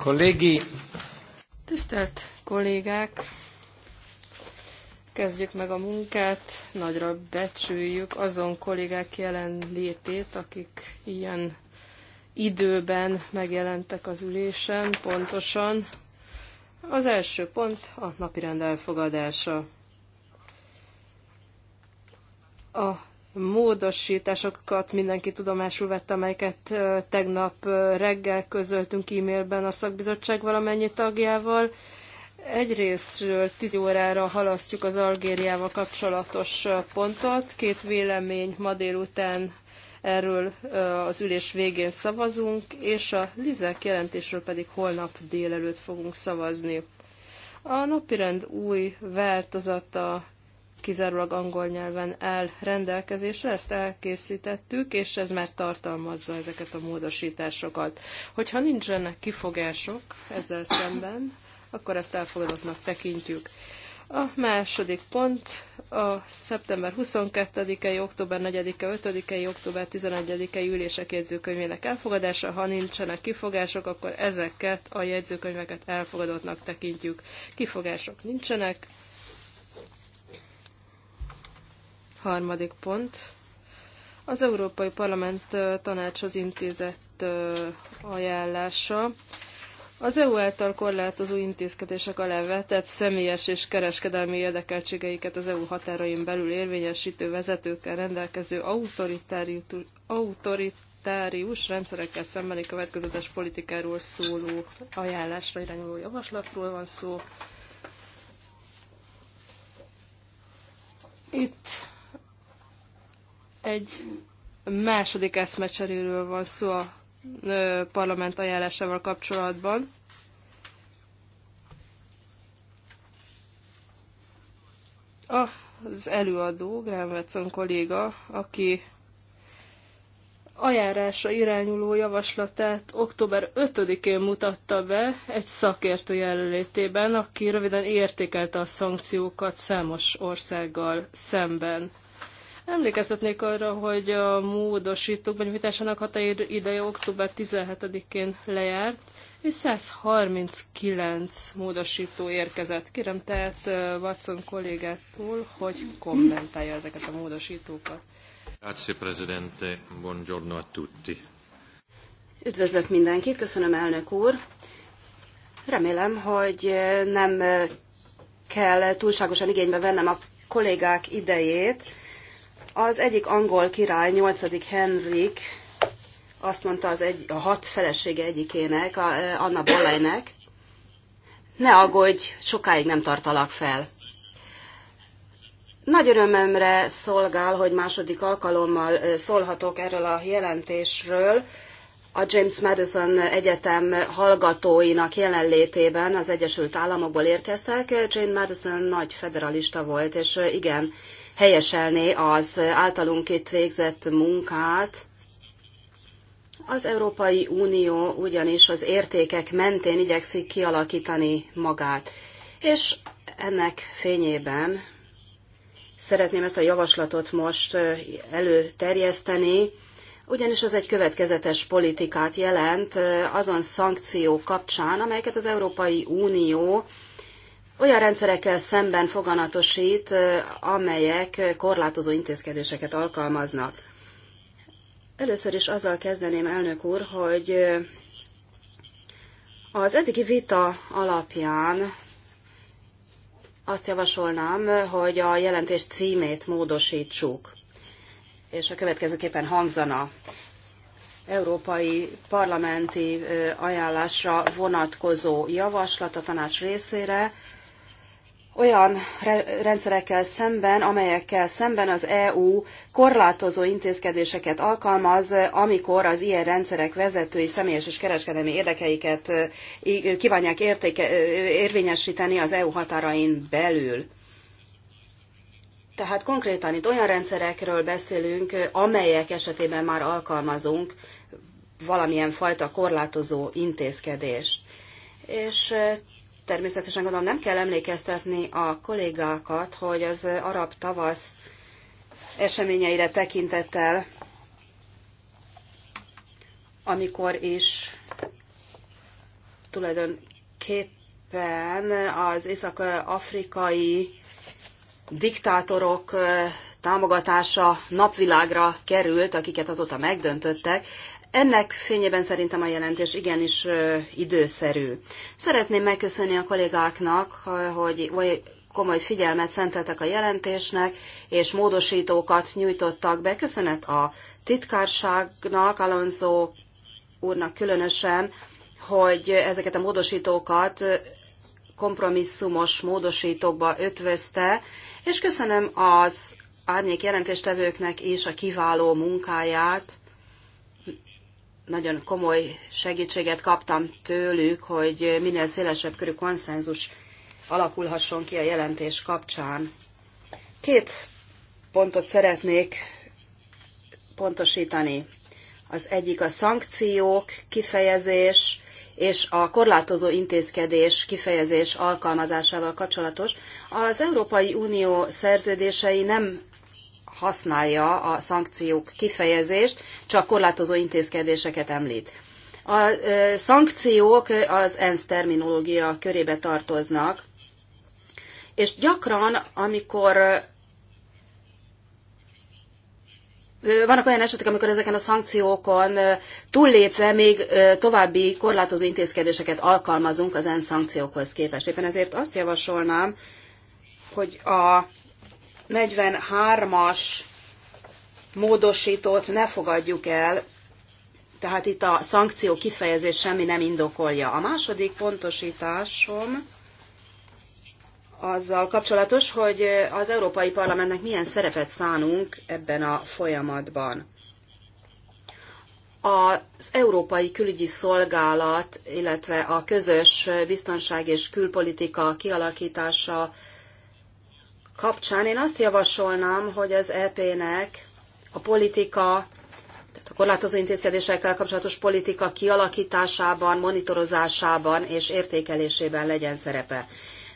Kollégi! Tisztelt kollégák! Kezdjük meg a munkát. Nagyra becsüljük azon kollégák jelenlétét, akik ilyen időben megjelentek az ülésen pontosan. Az első pont a napirend elfogadása. A módosításokat mindenki tudomásul vett, amelyeket tegnap reggel közöltünk e-mailben a szakbizottság valamennyi tagjával. Egyrésztről 10 órára halasztjuk az Algériával kapcsolatos pontot. Két vélemény ma délután erről az ülés végén szavazunk, és a Lizek jelentésről pedig holnap délelőtt fogunk szavazni. A napirend új változata kizárólag angol nyelven áll rendelkezésre, ezt elkészítettük, és ez már tartalmazza ezeket a módosításokat. Hogyha nincsenek kifogások ezzel szemben, akkor ezt elfogadottnak tekintjük. A második pont a szeptember 22-i, október 4-e, 5-i, október 11-i ülések jegyzőkönyvének elfogadása. Ha nincsenek kifogások, akkor ezeket a jegyzőkönyveket elfogadottnak tekintjük. Kifogások nincsenek, Harmadik pont. Az Európai Parlament tanácshoz intézett ajánlása. Az EU által korlátozó intézkedések alá vetett személyes és kereskedelmi érdekeltségeiket az EU határain belül érvényesítő vezetőkkel rendelkező autoritárius rendszerekkel szembeni következetes politikáról szóló ajánlásra irányuló javaslatról van szó. Itt egy második eszmecseréről van szó a parlament ajánlásával kapcsolatban. Az előadó, Graham Watson kolléga, aki ajánlásra irányuló javaslatát október 5-én mutatta be egy szakértő jelölétében, aki röviden értékelte a szankciókat számos országgal szemben. Emlékeztetnék arra, hogy a módosítók benyújtásának határidő ideje október 17-én lejárt, és 139 módosító érkezett. Kérem tehát Watson kollégától, hogy kommentálja ezeket a módosítókat. Grazie, Presidente. Buongiorno a tutti. Üdvözlök mindenkit, köszönöm elnök úr. Remélem, hogy nem kell túlságosan igénybe vennem a kollégák idejét az egyik angol király, 8. Henrik, azt mondta az egy, a hat felesége egyikének, a, eh, Anna Bolleynek, ne aggódj, sokáig nem tartalak fel. Nagy örömömre szolgál, hogy második alkalommal eh, szólhatok erről a jelentésről a James Madison Egyetem hallgatóinak jelenlétében az Egyesült Államokból érkeztek. Jane Madison nagy federalista volt, és eh, igen, helyeselné az általunk itt végzett munkát. Az Európai Unió ugyanis az értékek mentén igyekszik kialakítani magát. És ennek fényében szeretném ezt a javaslatot most előterjeszteni, ugyanis az egy következetes politikát jelent azon szankciók kapcsán, amelyeket az Európai Unió olyan rendszerekkel szemben foganatosít, amelyek korlátozó intézkedéseket alkalmaznak. Először is azzal kezdeném, elnök úr, hogy az eddigi vita alapján azt javasolnám, hogy a jelentés címét módosítsuk. És a következőképpen hangzana. Európai parlamenti ajánlásra vonatkozó javaslat a tanács részére, olyan rendszerekkel szemben, amelyekkel szemben az EU korlátozó intézkedéseket alkalmaz, amikor az ilyen rendszerek vezetői személyes és kereskedelmi érdekeiket kívánják értéke, érvényesíteni az EU határain belül. Tehát konkrétan itt olyan rendszerekről beszélünk, amelyek esetében már alkalmazunk valamilyen fajta korlátozó intézkedést. És természetesen gondolom nem kell emlékeztetni a kollégákat, hogy az arab tavasz eseményeire tekintettel, amikor is tulajdonképpen az észak-afrikai diktátorok eh, támogatása napvilágra került, akiket azóta megdöntöttek. Ennek fényében szerintem a jelentés igenis időszerű. Szeretném megköszönni a kollégáknak, hogy komoly figyelmet szenteltek a jelentésnek, és módosítókat nyújtottak be. Köszönet a titkárságnak, Alonso úrnak különösen, hogy ezeket a módosítókat kompromisszumos módosítókba ötvözte, és köszönöm az árnyék jelentéstevőknek is a kiváló munkáját, nagyon komoly segítséget kaptam tőlük, hogy minél szélesebb körű konszenzus alakulhasson ki a jelentés kapcsán. Két pontot szeretnék pontosítani. Az egyik a szankciók kifejezés és a korlátozó intézkedés kifejezés alkalmazásával kapcsolatos. Az Európai Unió szerződései nem használja a szankciók kifejezést, csak korlátozó intézkedéseket említ. A szankciók az ENSZ terminológia körébe tartoznak, és gyakran, amikor vannak olyan esetek, amikor ezeken a szankciókon túllépve még további korlátozó intézkedéseket alkalmazunk az ENSZ szankciókhoz képest. Éppen ezért azt javasolnám, hogy a 43-as módosítót ne fogadjuk el, tehát itt a szankció kifejezés semmi nem indokolja. A második pontosításom azzal kapcsolatos, hogy az Európai Parlamentnek milyen szerepet szánunk ebben a folyamatban. Az Európai Külügyi Szolgálat, illetve a közös biztonság és külpolitika kialakítása kapcsán én azt javasolnám, hogy az EP-nek a politika, tehát a korlátozó intézkedésekkel kapcsolatos politika kialakításában, monitorozásában és értékelésében legyen szerepe.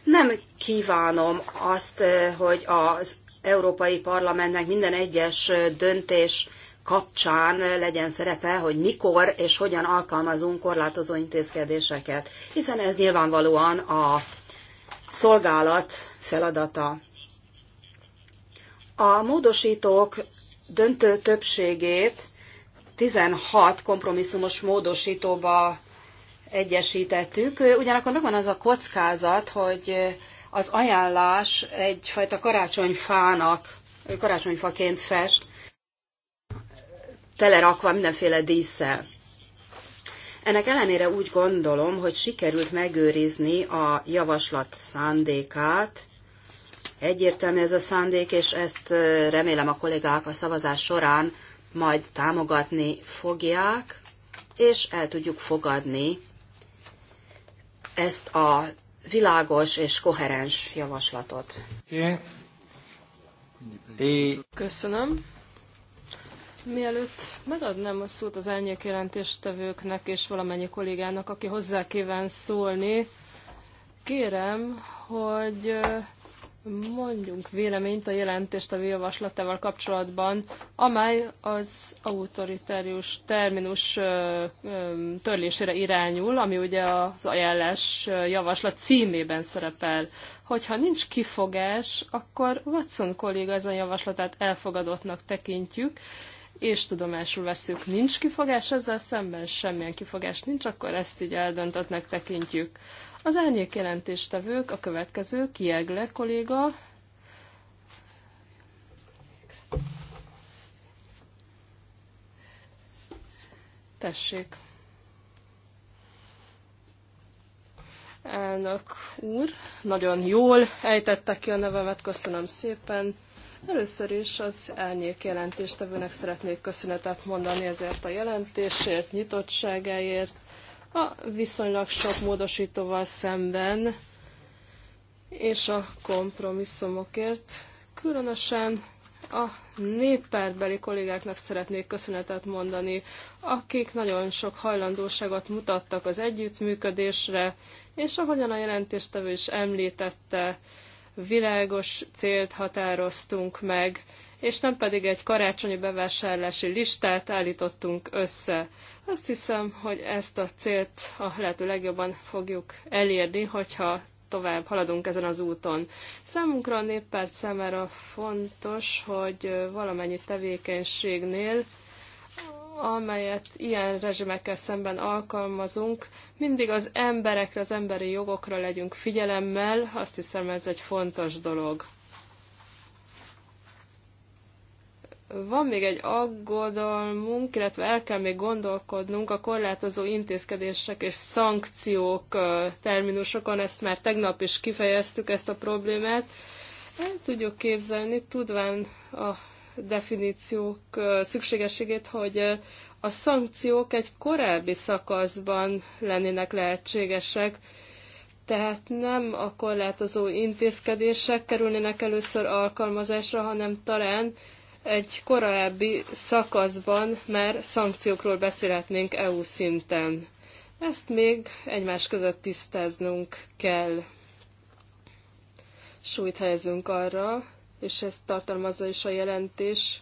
Nem kívánom azt, eh, hogy az Európai Parlamentnek minden egyes eh, döntés kapcsán eh, legyen szerepe, hogy mikor és hogyan alkalmazunk korlátozó intézkedéseket, hiszen ez nyilvánvalóan a szolgálat feladata. A módosítók döntő többségét 16 kompromisszumos módosítóba egyesítettük. Ugyanakkor megvan az a kockázat, hogy az ajánlás egyfajta karácsonyfának, karácsonyfaként fest, telerakva mindenféle díszsel. Ennek ellenére úgy gondolom, hogy sikerült megőrizni a javaslat szándékát, Egyértelmű ez a szándék, és ezt remélem a kollégák a szavazás során majd támogatni fogják, és el tudjuk fogadni ezt a világos és koherens javaslatot. Köszönöm. Mielőtt megadnám a szót az elnyék jelentéstevőknek és valamennyi kollégának, aki hozzá kíván szólni, kérem, hogy mondjunk véleményt a jelentést a javaslatával kapcsolatban, amely az autoritárius terminus törlésére irányul, ami ugye az ajánlás javaslat címében szerepel. Hogyha nincs kifogás, akkor Watson kolléga ezen javaslatát elfogadottnak tekintjük, és tudomásul veszük, nincs kifogás, ezzel szemben semmilyen kifogás nincs, akkor ezt így eldöntöttnek tekintjük. Az árnyék jelentéstevők a következő, Kiegle kolléga, Tessék. Elnök úr, nagyon jól ejtettek ki a nevemet, köszönöm szépen. Először is az elnyék jelentéstevőnek szeretnék köszönetet mondani ezért a jelentésért, nyitottságáért, a viszonylag sok módosítóval szemben, és a kompromisszumokért. Különösen a néppárbeli kollégáknak szeretnék köszönetet mondani, akik nagyon sok hajlandóságot mutattak az együttműködésre, és ahogyan a jelentéstevő is említette, világos célt határoztunk meg, és nem pedig egy karácsonyi bevásárlási listát állítottunk össze. Azt hiszem, hogy ezt a célt a lehető legjobban fogjuk elérni, hogyha tovább haladunk ezen az úton. Számunkra a néppárt számára fontos, hogy valamennyi tevékenységnél amelyet ilyen rezsimekkel szemben alkalmazunk, mindig az emberekre, az emberi jogokra legyünk figyelemmel, azt hiszem ez egy fontos dolog. Van még egy aggodalmunk, illetve el kell még gondolkodnunk a korlátozó intézkedések és szankciók terminusokon, ezt már tegnap is kifejeztük ezt a problémát. El tudjuk képzelni, tudván a definíciók szükségességét, hogy a szankciók egy korábbi szakaszban lennének lehetségesek, tehát nem a korlátozó intézkedések kerülnének először alkalmazásra, hanem talán egy korábbi szakaszban már szankciókról beszélhetnénk EU szinten. Ezt még egymás között tisztáznunk kell. Súlyt helyezünk arra, és ezt tartalmazza is a jelentés,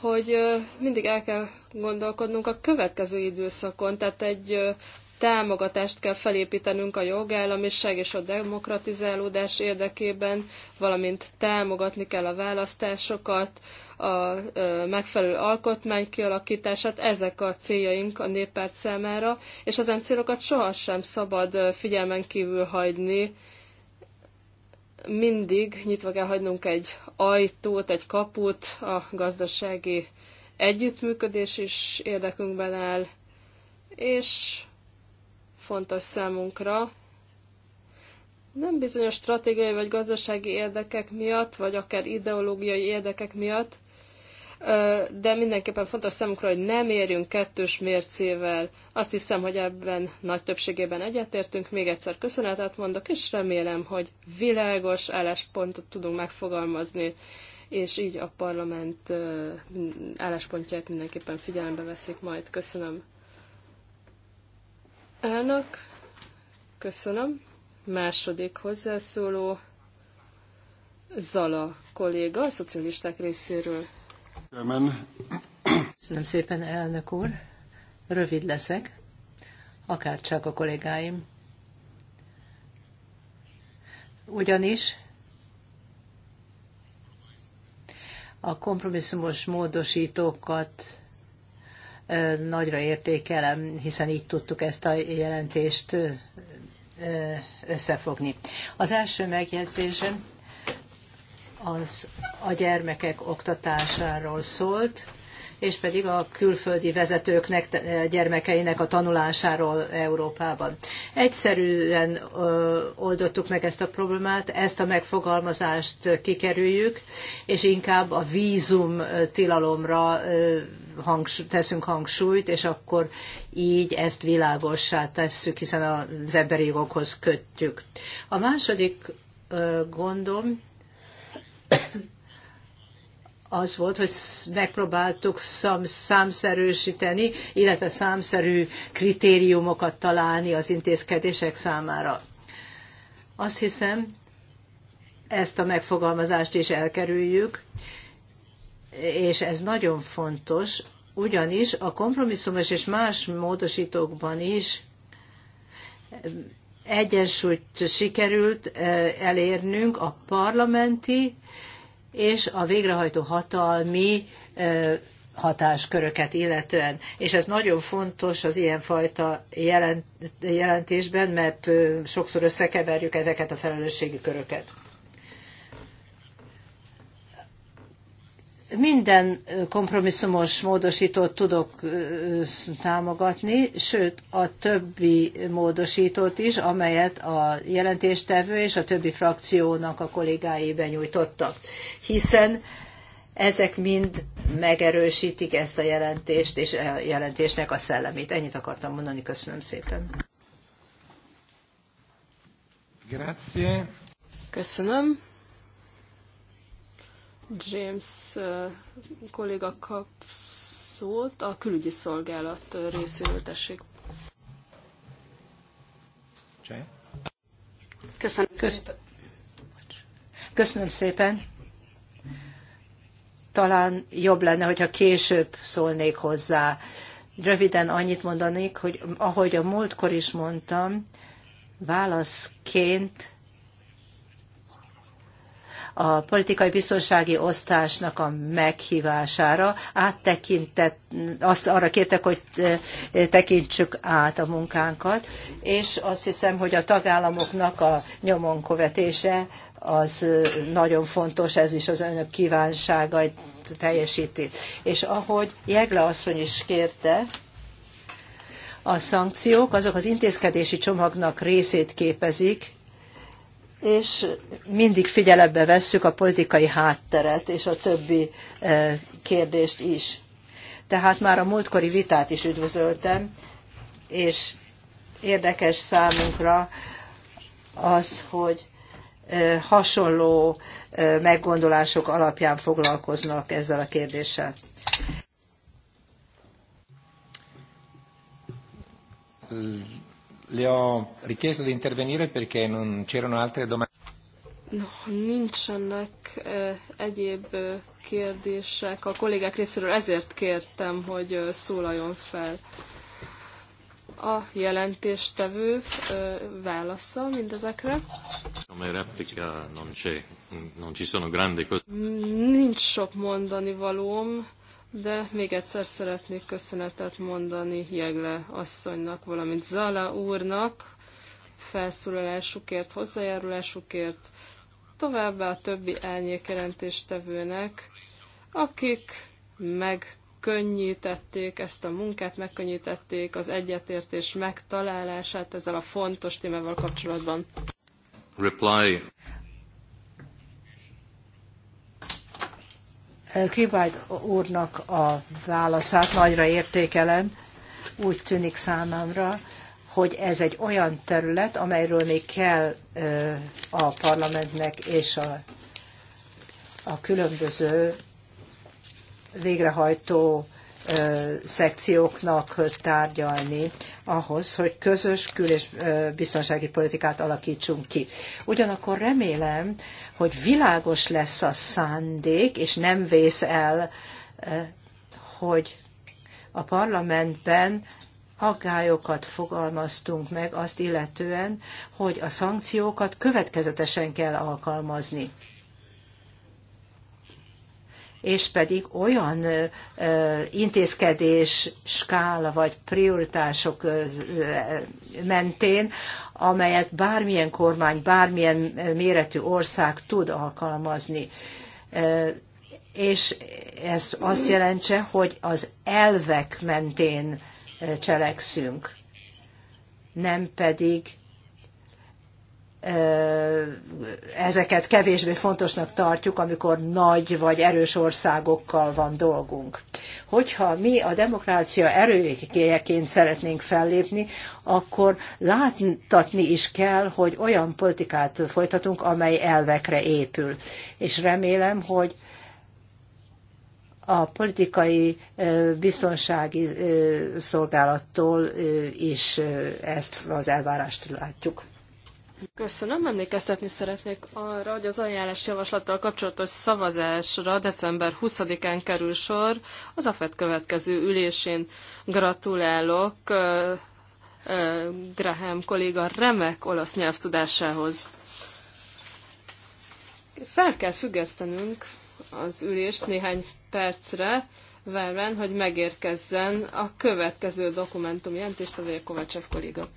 hogy mindig el kell gondolkodnunk a következő időszakon, tehát egy támogatást kell felépítenünk a jogállamiság és a demokratizálódás érdekében, valamint támogatni kell a választásokat, a megfelelő alkotmány kialakítását, ezek a céljaink a néppárt számára, és ezen célokat sohasem szabad figyelmen kívül hagyni, mindig nyitva kell hagynunk egy ajtót, egy kaput, a gazdasági együttműködés is érdekünkben áll, és fontos számunkra, nem bizonyos stratégiai vagy gazdasági érdekek miatt, vagy akár ideológiai érdekek miatt, de mindenképpen fontos számunkra, hogy nem érjünk kettős mércével. Azt hiszem, hogy ebben nagy többségében egyetértünk. Még egyszer köszönetet mondok, és remélem, hogy világos álláspontot tudunk megfogalmazni, és így a parlament álláspontját mindenképpen figyelembe veszik majd. Köszönöm. Elnök, köszönöm. Második hozzászóló, Zala kolléga, a szocialisták részéről. Köszönöm szépen, elnök úr. Rövid leszek, akár csak a kollégáim. Ugyanis a kompromisszumos módosítókat nagyra értékelem, hiszen így tudtuk ezt a jelentést összefogni. Az első megjegyzésem az a gyermekek oktatásáról szólt, és pedig a külföldi vezetőknek, eh, gyermekeinek a tanulásáról Európában. Egyszerűen oldottuk meg ezt a problémát, ezt a megfogalmazást kikerüljük, és inkább a vízum tilalomra hangsúly, teszünk hangsúlyt, és akkor így ezt világossá tesszük, hiszen az emberi jogokhoz kötjük. A második gondom, az volt, hogy megpróbáltuk szám, számszerűsíteni, illetve számszerű kritériumokat találni az intézkedések számára. Azt hiszem, ezt a megfogalmazást is elkerüljük, és ez nagyon fontos, ugyanis a kompromisszumos és más módosítókban is egyensúlyt sikerült eh, elérnünk a parlamenti és a végrehajtó hatalmi hatásköröket illetően. És ez nagyon fontos az ilyenfajta jelent, jelentésben, mert sokszor összekeverjük ezeket a felelősségi köröket. Minden kompromisszumos módosítót tudok támogatni, sőt a többi módosítót is, amelyet a jelentéstevő és a többi frakciónak a kollégái benyújtottak, hiszen ezek mind megerősítik ezt a jelentést és a jelentésnek a szellemét. Ennyit akartam mondani, köszönöm szépen. Grazie. Köszönöm. James kolléga kap szót a külügyi szolgálat részéről, tessék. Köszönöm szépen. Köszönöm szépen. Talán jobb lenne, hogyha később szólnék hozzá. Röviden annyit mondanék, hogy ahogy a múltkor is mondtam, válaszként a politikai biztonsági osztásnak a meghívására áttekintett, azt arra kértek, hogy eh, tekintsük át a munkánkat, és azt hiszem, hogy a tagállamoknak a nyomon követése az eh, nagyon fontos, ez is az önök kívánságait teljesíti. És ahogy Jegle asszony is kérte, a szankciók azok az intézkedési csomagnak részét képezik, és mindig figyelembe vesszük a politikai hátteret és a többi e, kérdést is. Tehát már a múltkori vitát is üdvözöltem, és érdekes számunkra az, hogy e, hasonló e, meggondolások alapján foglalkoznak ezzel a kérdéssel. Le ho richiesto di intervenire perché non c'erano altre domande. No, nincsenek e, egyéb eh, kérdések a kollégák részéről, ezért kértem, hogy eh, szólaljon fel. A jelentéstevő e, válasza mindezekre. Nincs sok mondani valóm de még egyszer szeretnék köszönetet mondani Jegle asszonynak, valamint Zala úrnak felszólalásukért, hozzájárulásukért, továbbá a többi elnyékerentéstevőnek, akik megkönnyítették ezt a munkát, megkönnyítették az egyetértés megtalálását ezzel a fontos témával kapcsolatban. Reply. Greenwald úrnak a válaszát nagyra értékelem, úgy tűnik számomra, hogy ez egy olyan terület, amelyről még kell a parlamentnek és a, a különböző végrehajtó szekcióknak tárgyalni ahhoz, hogy közös kül- és biztonsági politikát alakítsunk ki. Ugyanakkor remélem, hogy világos lesz a szándék, és nem vész el, hogy a parlamentben aggályokat fogalmaztunk meg azt illetően, hogy a szankciókat következetesen kell alkalmazni és pedig olyan intézkedés, skála vagy prioritások mentén, amelyet bármilyen kormány, bármilyen méretű ország tud alkalmazni. És ez azt jelentse, hogy az elvek mentén cselekszünk, nem pedig ezeket kevésbé fontosnak tartjuk, amikor nagy vagy erős országokkal van dolgunk. Hogyha mi a demokrácia erőkéjeként szeretnénk fellépni, akkor láttatni is kell, hogy olyan politikát folytatunk, amely elvekre épül. És remélem, hogy a politikai biztonsági szolgálattól is ezt az elvárást látjuk. Köszönöm, emlékeztetni szeretnék arra, hogy az ajánlás javaslattal kapcsolatos szavazásra december 20-án kerül sor az AFET következő ülésén. Gratulálok Graham kolléga remek olasz nyelvtudásához. Fel kell függesztenünk az ülést néhány percre, várván, hogy megérkezzen a következő dokumentum jelentést, a Kovácsev kolléga.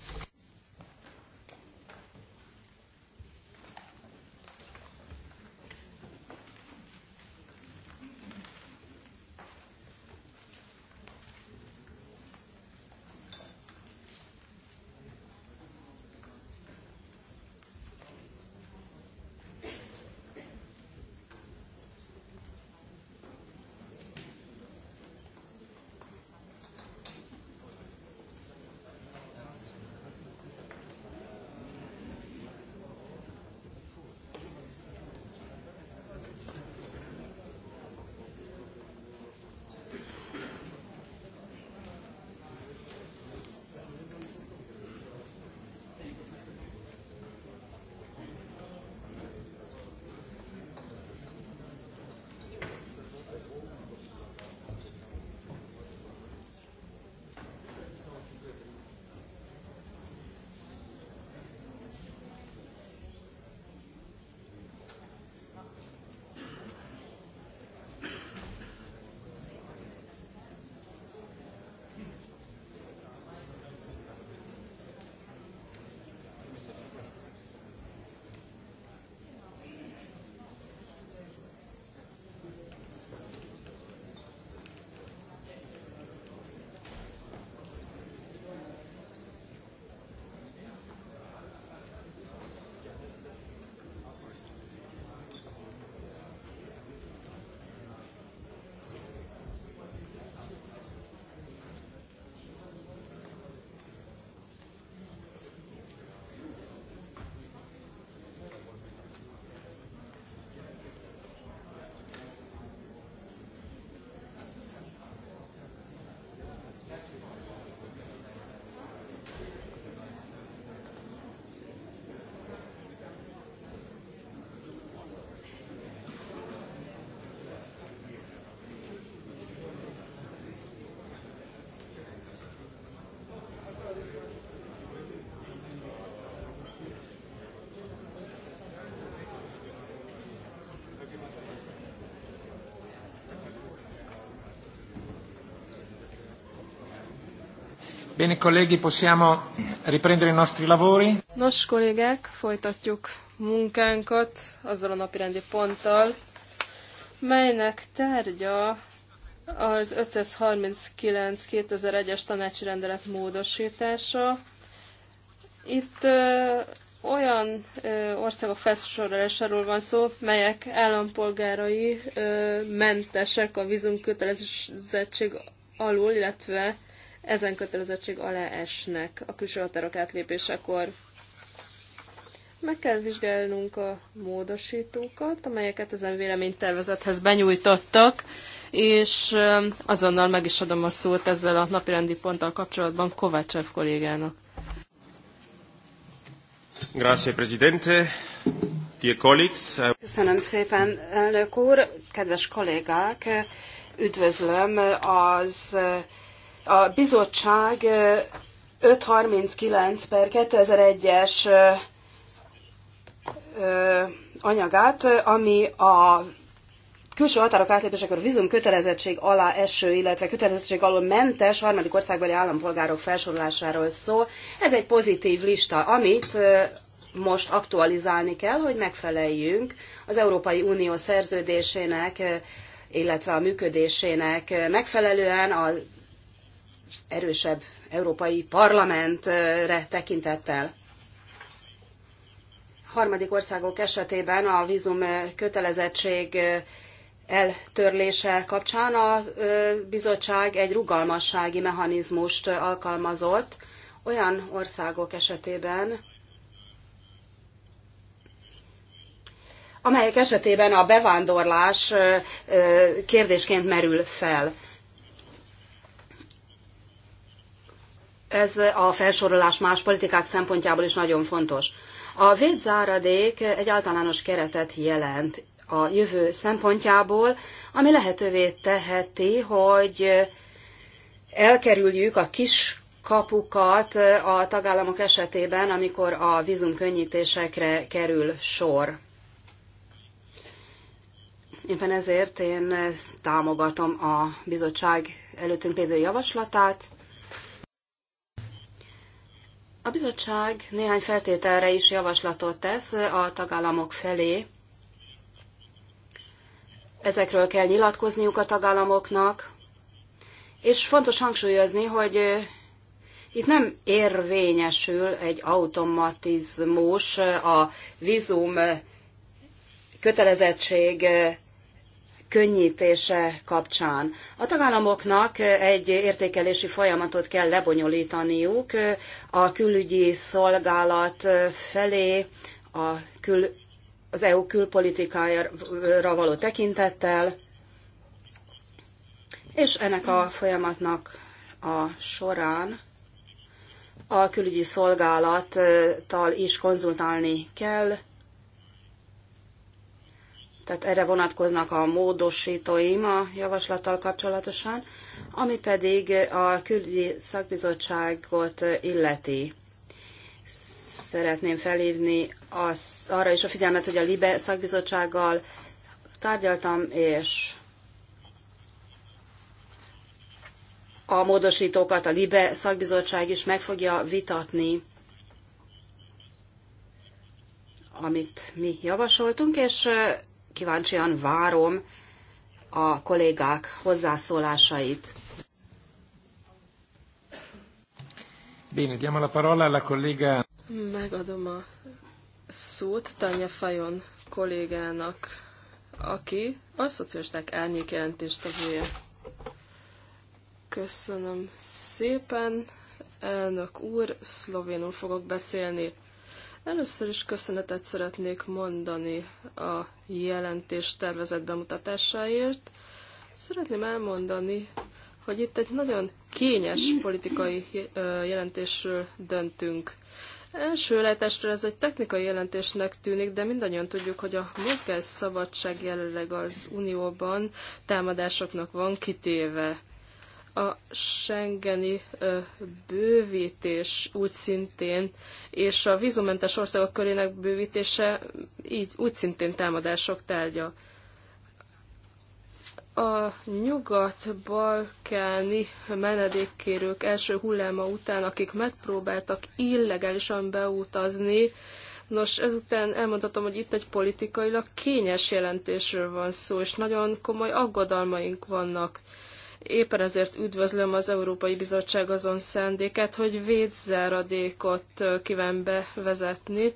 Bene, colleghi, possiamo riprendere i nostri lavori. Nos, kollégák, folytatjuk munkánkat azzal a napirendi ponttal, melynek tárgya az 539-2001-es tanácsi rendelet módosítása. Itt ö, olyan ö, országok felsorolásáról van szó, melyek állampolgárai ö, mentesek a vízumkötelezettség alul, illetve ezen kötelezettség alá esnek a külső határok átlépésekor. Meg kell vizsgálnunk a módosítókat, amelyeket ezen véleménytervezethez benyújtottak, és um, azonnal meg is adom a szót ezzel a napirendi ponttal kapcsolatban Kovácsev kollégának. Grazie, Presidente. Dear colleagues. Uh, Köszönöm szépen, elnök úr, kedves kollégák! Üdvözlöm az a bizottság 539 per 2001-es anyagát, ami a külső határok átlépésekor a vízum kötelezettség alá eső, illetve kötelezettség alól mentes harmadik országbeli állampolgárok felsorolásáról szól. Ez egy pozitív lista, amit most aktualizálni kell, hogy megfeleljünk az Európai Unió szerződésének, illetve a működésének megfelelően a erősebb európai parlamentre tekintettel. Harmadik országok esetében a vízum kötelezettség eltörlése kapcsán a bizottság egy rugalmassági mechanizmust alkalmazott olyan országok esetében, amelyek esetében a bevándorlás kérdésként merül fel. ez a felsorolás más politikák szempontjából is nagyon fontos. A védzáradék egy általános keretet jelent a jövő szempontjából, ami lehetővé teheti, hogy elkerüljük a kis kapukat a tagállamok esetében, amikor a vízumkönnyítésekre kerül sor. Éppen ezért én támogatom a bizottság előttünk lévő javaslatát, a bizottság néhány feltételre is javaslatot tesz a tagállamok felé. Ezekről kell nyilatkozniuk a tagállamoknak, és fontos hangsúlyozni, hogy itt nem érvényesül egy automatizmus a vízum kötelezettség könnyítése kapcsán. A tagállamoknak egy értékelési folyamatot kell lebonyolítaniuk a külügyi szolgálat felé, a kül, az EU külpolitikájára való tekintettel, és ennek a folyamatnak a során a külügyi szolgálattal is konzultálni kell, tehát erre vonatkoznak a módosítóim a javaslattal kapcsolatosan, ami pedig a külügyi szakbizottságot illeti. Szeretném felhívni az, arra is a figyelmet, hogy a LIBE szakbizottsággal tárgyaltam, és a módosítókat a LIBE szakbizottság is meg fogja vitatni, amit mi javasoltunk, és kíváncsian várom a kollégák hozzászólásait. Bene, diamo la parola alla collega. Megadom a szót Tanya Fajon kollégának, aki a szocialisták árnyék jelentéstevője. Köszönöm szépen, elnök úr, szlovénul fogok beszélni. Először is köszönetet szeretnék mondani a jelentés tervezet bemutatásáért. Szeretném elmondani, hogy itt egy nagyon kényes politikai jelentésről döntünk. Első lehetésre ez egy technikai jelentésnek tűnik, de mindannyian tudjuk, hogy a mozgásszabadság jelenleg az Unióban támadásoknak van kitéve a Schengeni bővítés úgy szintén, és a vízumentes országok körének bővítése így úgy szintén támadások tárgya. A nyugat-balkáni menedékkérők első hulláma után, akik megpróbáltak illegálisan beutazni, Nos, ezután elmondhatom, hogy itt egy politikailag kényes jelentésről van szó, és nagyon komoly aggodalmaink vannak Éppen ezért üdvözlöm az Európai Bizottság azon szándékát, hogy védzáradékot kíván bevezetni,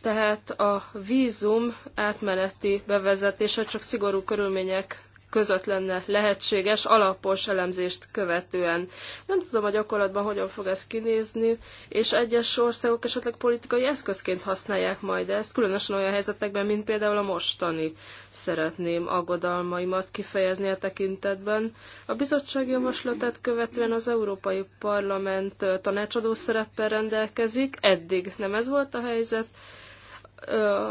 tehát a vízum átmeneti bevezetése csak szigorú körülmények között lenne lehetséges alapos elemzést követően. Nem tudom a gyakorlatban hogyan fog ez kinézni, és egyes országok esetleg politikai eszközként használják majd ezt, különösen olyan helyzetekben, mint például a mostani. Szeretném aggodalmaimat kifejezni a tekintetben. A bizottság javaslatát követően az Európai Parlament tanácsadó szereppel rendelkezik, eddig nem ez volt a helyzet,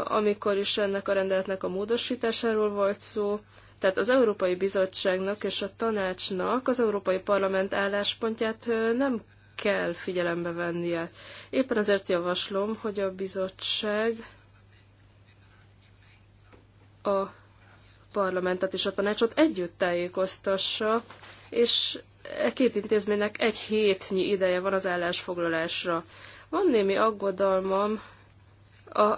amikor is ennek a rendeletnek a módosításáról volt szó, tehát az Európai Bizottságnak és a tanácsnak az Európai Parlament álláspontját nem kell figyelembe vennie. Éppen ezért javaslom, hogy a bizottság a parlamentet és a tanácsot együtt tájékoztassa, és e két intézménynek egy hétnyi ideje van az állásfoglalásra. Van némi aggodalmam a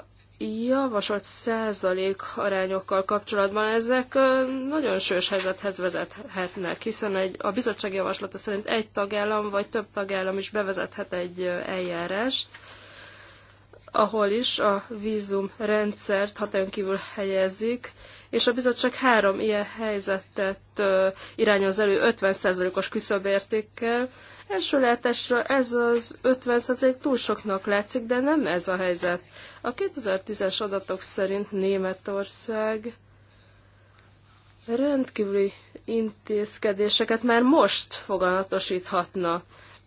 javasolt százalék arányokkal kapcsolatban ezek nagyon sős helyzethez vezethetnek, hiszen egy, a bizottság javaslata szerint egy tagállam vagy több tagállam is bevezethet egy eljárást, ahol is a vízum rendszert hatályon kívül helyezik, és a bizottság három ilyen helyzetet irányoz elő 50%-os küszöbértékkel, Első látásra ez az 50% túl soknak látszik, de nem ez a helyzet. A 2010-es adatok szerint Németország rendkívüli intézkedéseket már most foganatosíthatna.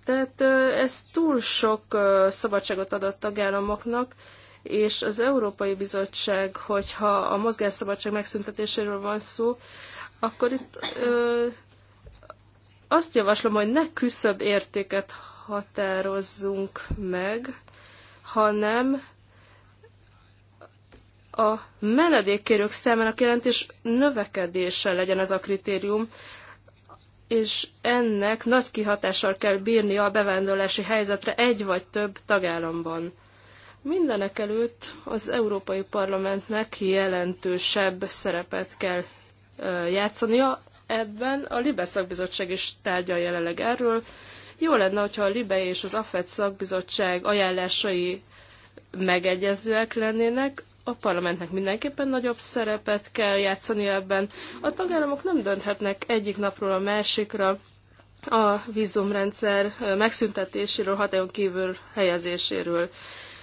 Tehát ez túl sok szabadságot adott tagállamoknak, és az Európai Bizottság, hogyha a mozgásszabadság megszüntetéséről van szó, akkor itt azt javaslom, hogy ne küszöbb értéket határozzunk meg, hanem a menedékkérők számának jelentés növekedése legyen ez a kritérium, és ennek nagy kihatással kell bírnia a bevándorlási helyzetre egy vagy több tagállamban. Mindenek előtt az Európai Parlamentnek jelentősebb szerepet kell játszania ebben. A Libe szakbizottság is tárgyal jelenleg erről. Jó lenne, hogyha a Libe és az AFET szakbizottság ajánlásai megegyezőek lennének, a parlamentnek mindenképpen nagyobb szerepet kell játszani ebben. A tagállamok nem dönthetnek egyik napról a másikra a vízumrendszer megszüntetéséről, hatályon kívül helyezéséről.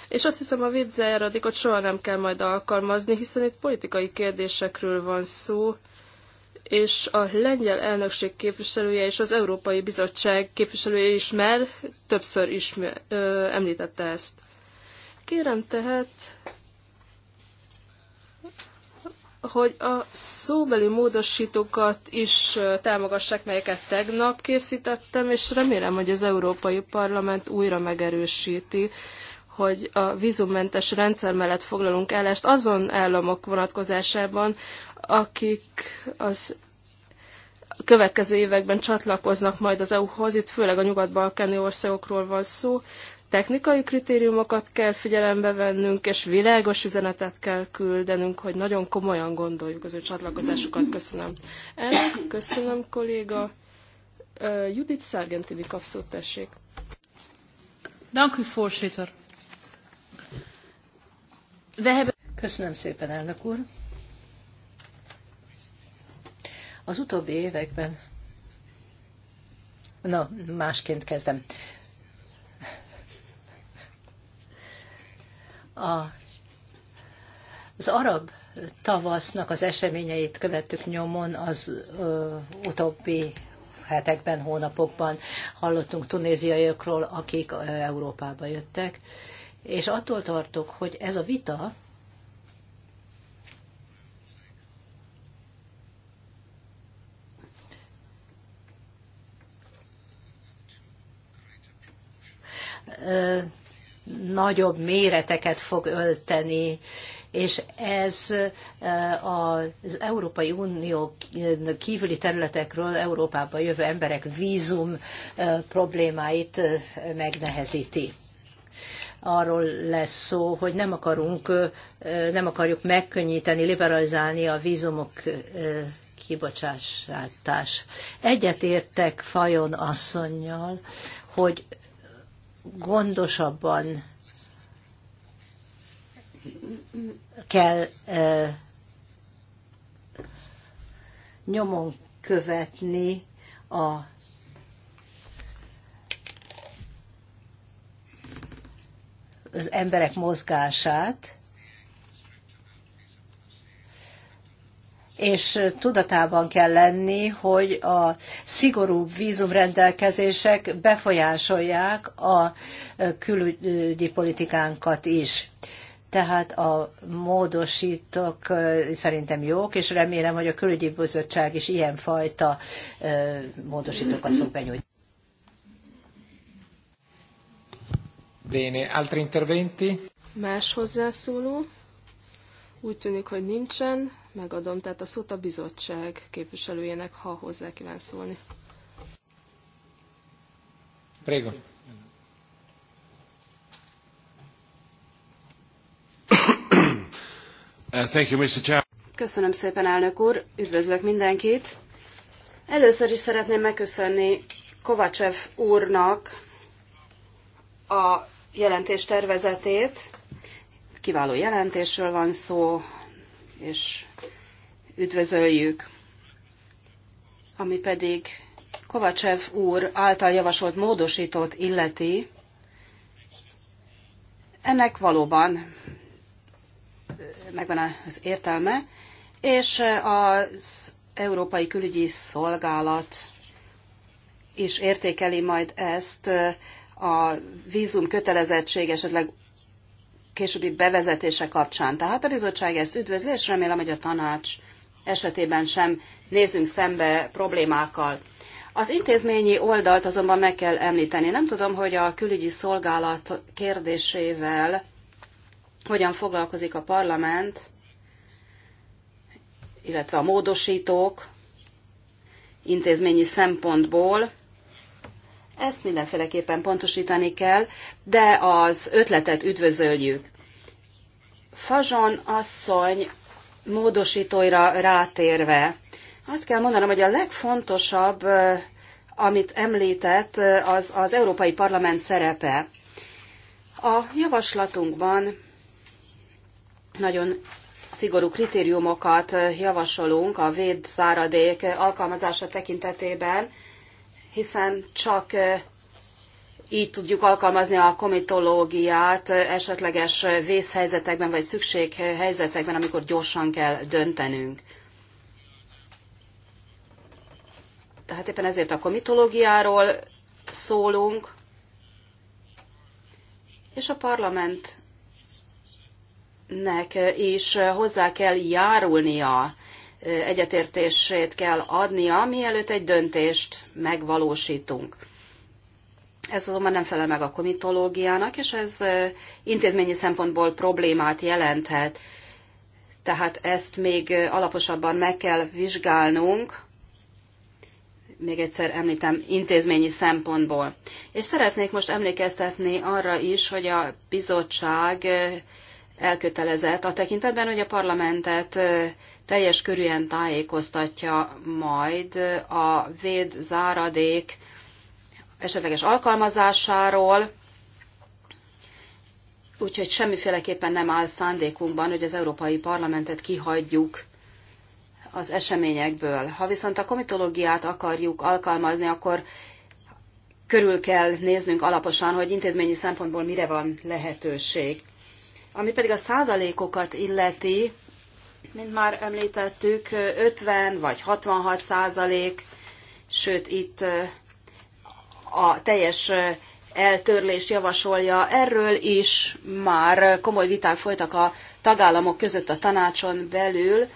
És azt hiszem, a védzeljáradékot soha nem kell majd alkalmazni, hiszen itt politikai kérdésekről van szó, és a lengyel elnökség képviselője és az Európai Bizottság képviselője is már többször is említette ezt. Kérem tehát, hogy a szóbeli módosítókat is támogassák, melyeket tegnap készítettem, és remélem, hogy az Európai Parlament újra megerősíti hogy a vízummentes rendszer mellett foglalunk állást azon államok vonatkozásában, akik az következő években csatlakoznak majd az EU-hoz, itt főleg a nyugat-balkáni országokról van szó, technikai kritériumokat kell figyelembe vennünk, és világos üzenetet kell küldenünk, hogy nagyon komolyan gondoljuk az ő csatlakozásukat. Köszönöm. Elnök, köszönöm, kolléga. Uh, Judit Sargentini kapszót tessék. Dank u, voorzitter. Köszönöm szépen, elnök úr. Az utóbbi években... Na, másként kezdem. A, az arab tavasznak az eseményeit követtük nyomon az ö, utóbbi hetekben, hónapokban. Hallottunk tunéziaiakról, akik Európába jöttek. Ö, és attól tartok, hogy ez a vita nagyobb méreteket fog ölteni, és ez az Európai Unió kívüli területekről Európába jövő emberek vízum problémáit megnehezíti arról lesz szó, hogy nem akarunk, nem akarjuk megkönnyíteni, liberalizálni a vízumok kibocsátás. Egyetértek Fajon asszonynal, hogy gondosabban kell nyomon követni a az emberek mozgását, és tudatában kell lenni, hogy a szigorú vízumrendelkezések befolyásolják a külügyi politikánkat is. Tehát a módosítók szerintem jók, és remélem, hogy a külügyi bizottság is ilyenfajta módosítókat fog benyújtani. Bene, altri interventi? Más hozzászóló? Úgy tűnik, hogy nincsen. Megadom tehát a szót a bizottság képviselőjének, ha hozzá kíván szólni. Prego. Uh, Köszönöm szépen, elnök úr. Üdvözlök mindenkit. Először is szeretném megköszönni Kovacsev úrnak a jelentés tervezetét. Kiváló jelentésről van szó, és üdvözöljük. Ami pedig Kovacsev úr által javasolt módosítót illeti, ennek valóban megvan az értelme, és az Európai Külügyi Szolgálat is értékeli majd ezt a vízum kötelezettség esetleg későbbi bevezetése kapcsán. Tehát a bizottság ezt üdvözli, és remélem, hogy a tanács esetében sem nézünk szembe problémákkal. Az intézményi oldalt azonban meg kell említeni. Nem tudom, hogy a külügyi szolgálat kérdésével hogyan foglalkozik a parlament, illetve a módosítók intézményi szempontból. Ezt mindenféleképpen pontosítani kell, de az ötletet üdvözöljük. Fazson asszony módosítóira rátérve, azt kell mondanom, hogy a legfontosabb, amit említett, az az Európai Parlament szerepe. A javaslatunkban nagyon szigorú kritériumokat javasolunk a védzáradék alkalmazása tekintetében, hiszen csak így tudjuk alkalmazni a komitológiát esetleges vészhelyzetekben vagy szükséghelyzetekben, amikor gyorsan kell döntenünk. Tehát éppen ezért a komitológiáról szólunk, és a parlamentnek is hozzá kell járulnia egyetértését kell adnia, mielőtt egy döntést megvalósítunk. Ez azonban nem felel meg a komitológiának, és ez intézményi szempontból problémát jelenthet. Tehát ezt még alaposabban meg kell vizsgálnunk, még egyszer említem, intézményi szempontból. És szeretnék most emlékeztetni arra is, hogy a bizottság elkötelezett a tekintetben, hogy a parlamentet teljes körűen tájékoztatja majd a véd záradék esetleges alkalmazásáról, úgyhogy semmiféleképpen nem áll szándékunkban, hogy az Európai Parlamentet kihagyjuk az eseményekből. Ha viszont a komitológiát akarjuk alkalmazni, akkor körül kell néznünk alaposan, hogy intézményi szempontból mire van lehetőség. Ami pedig a százalékokat illeti, mint már említettük, 50 vagy 66 százalék, sőt itt a teljes eltörlést javasolja. Erről is már komoly viták folytak a tagállamok között a tanácson belül.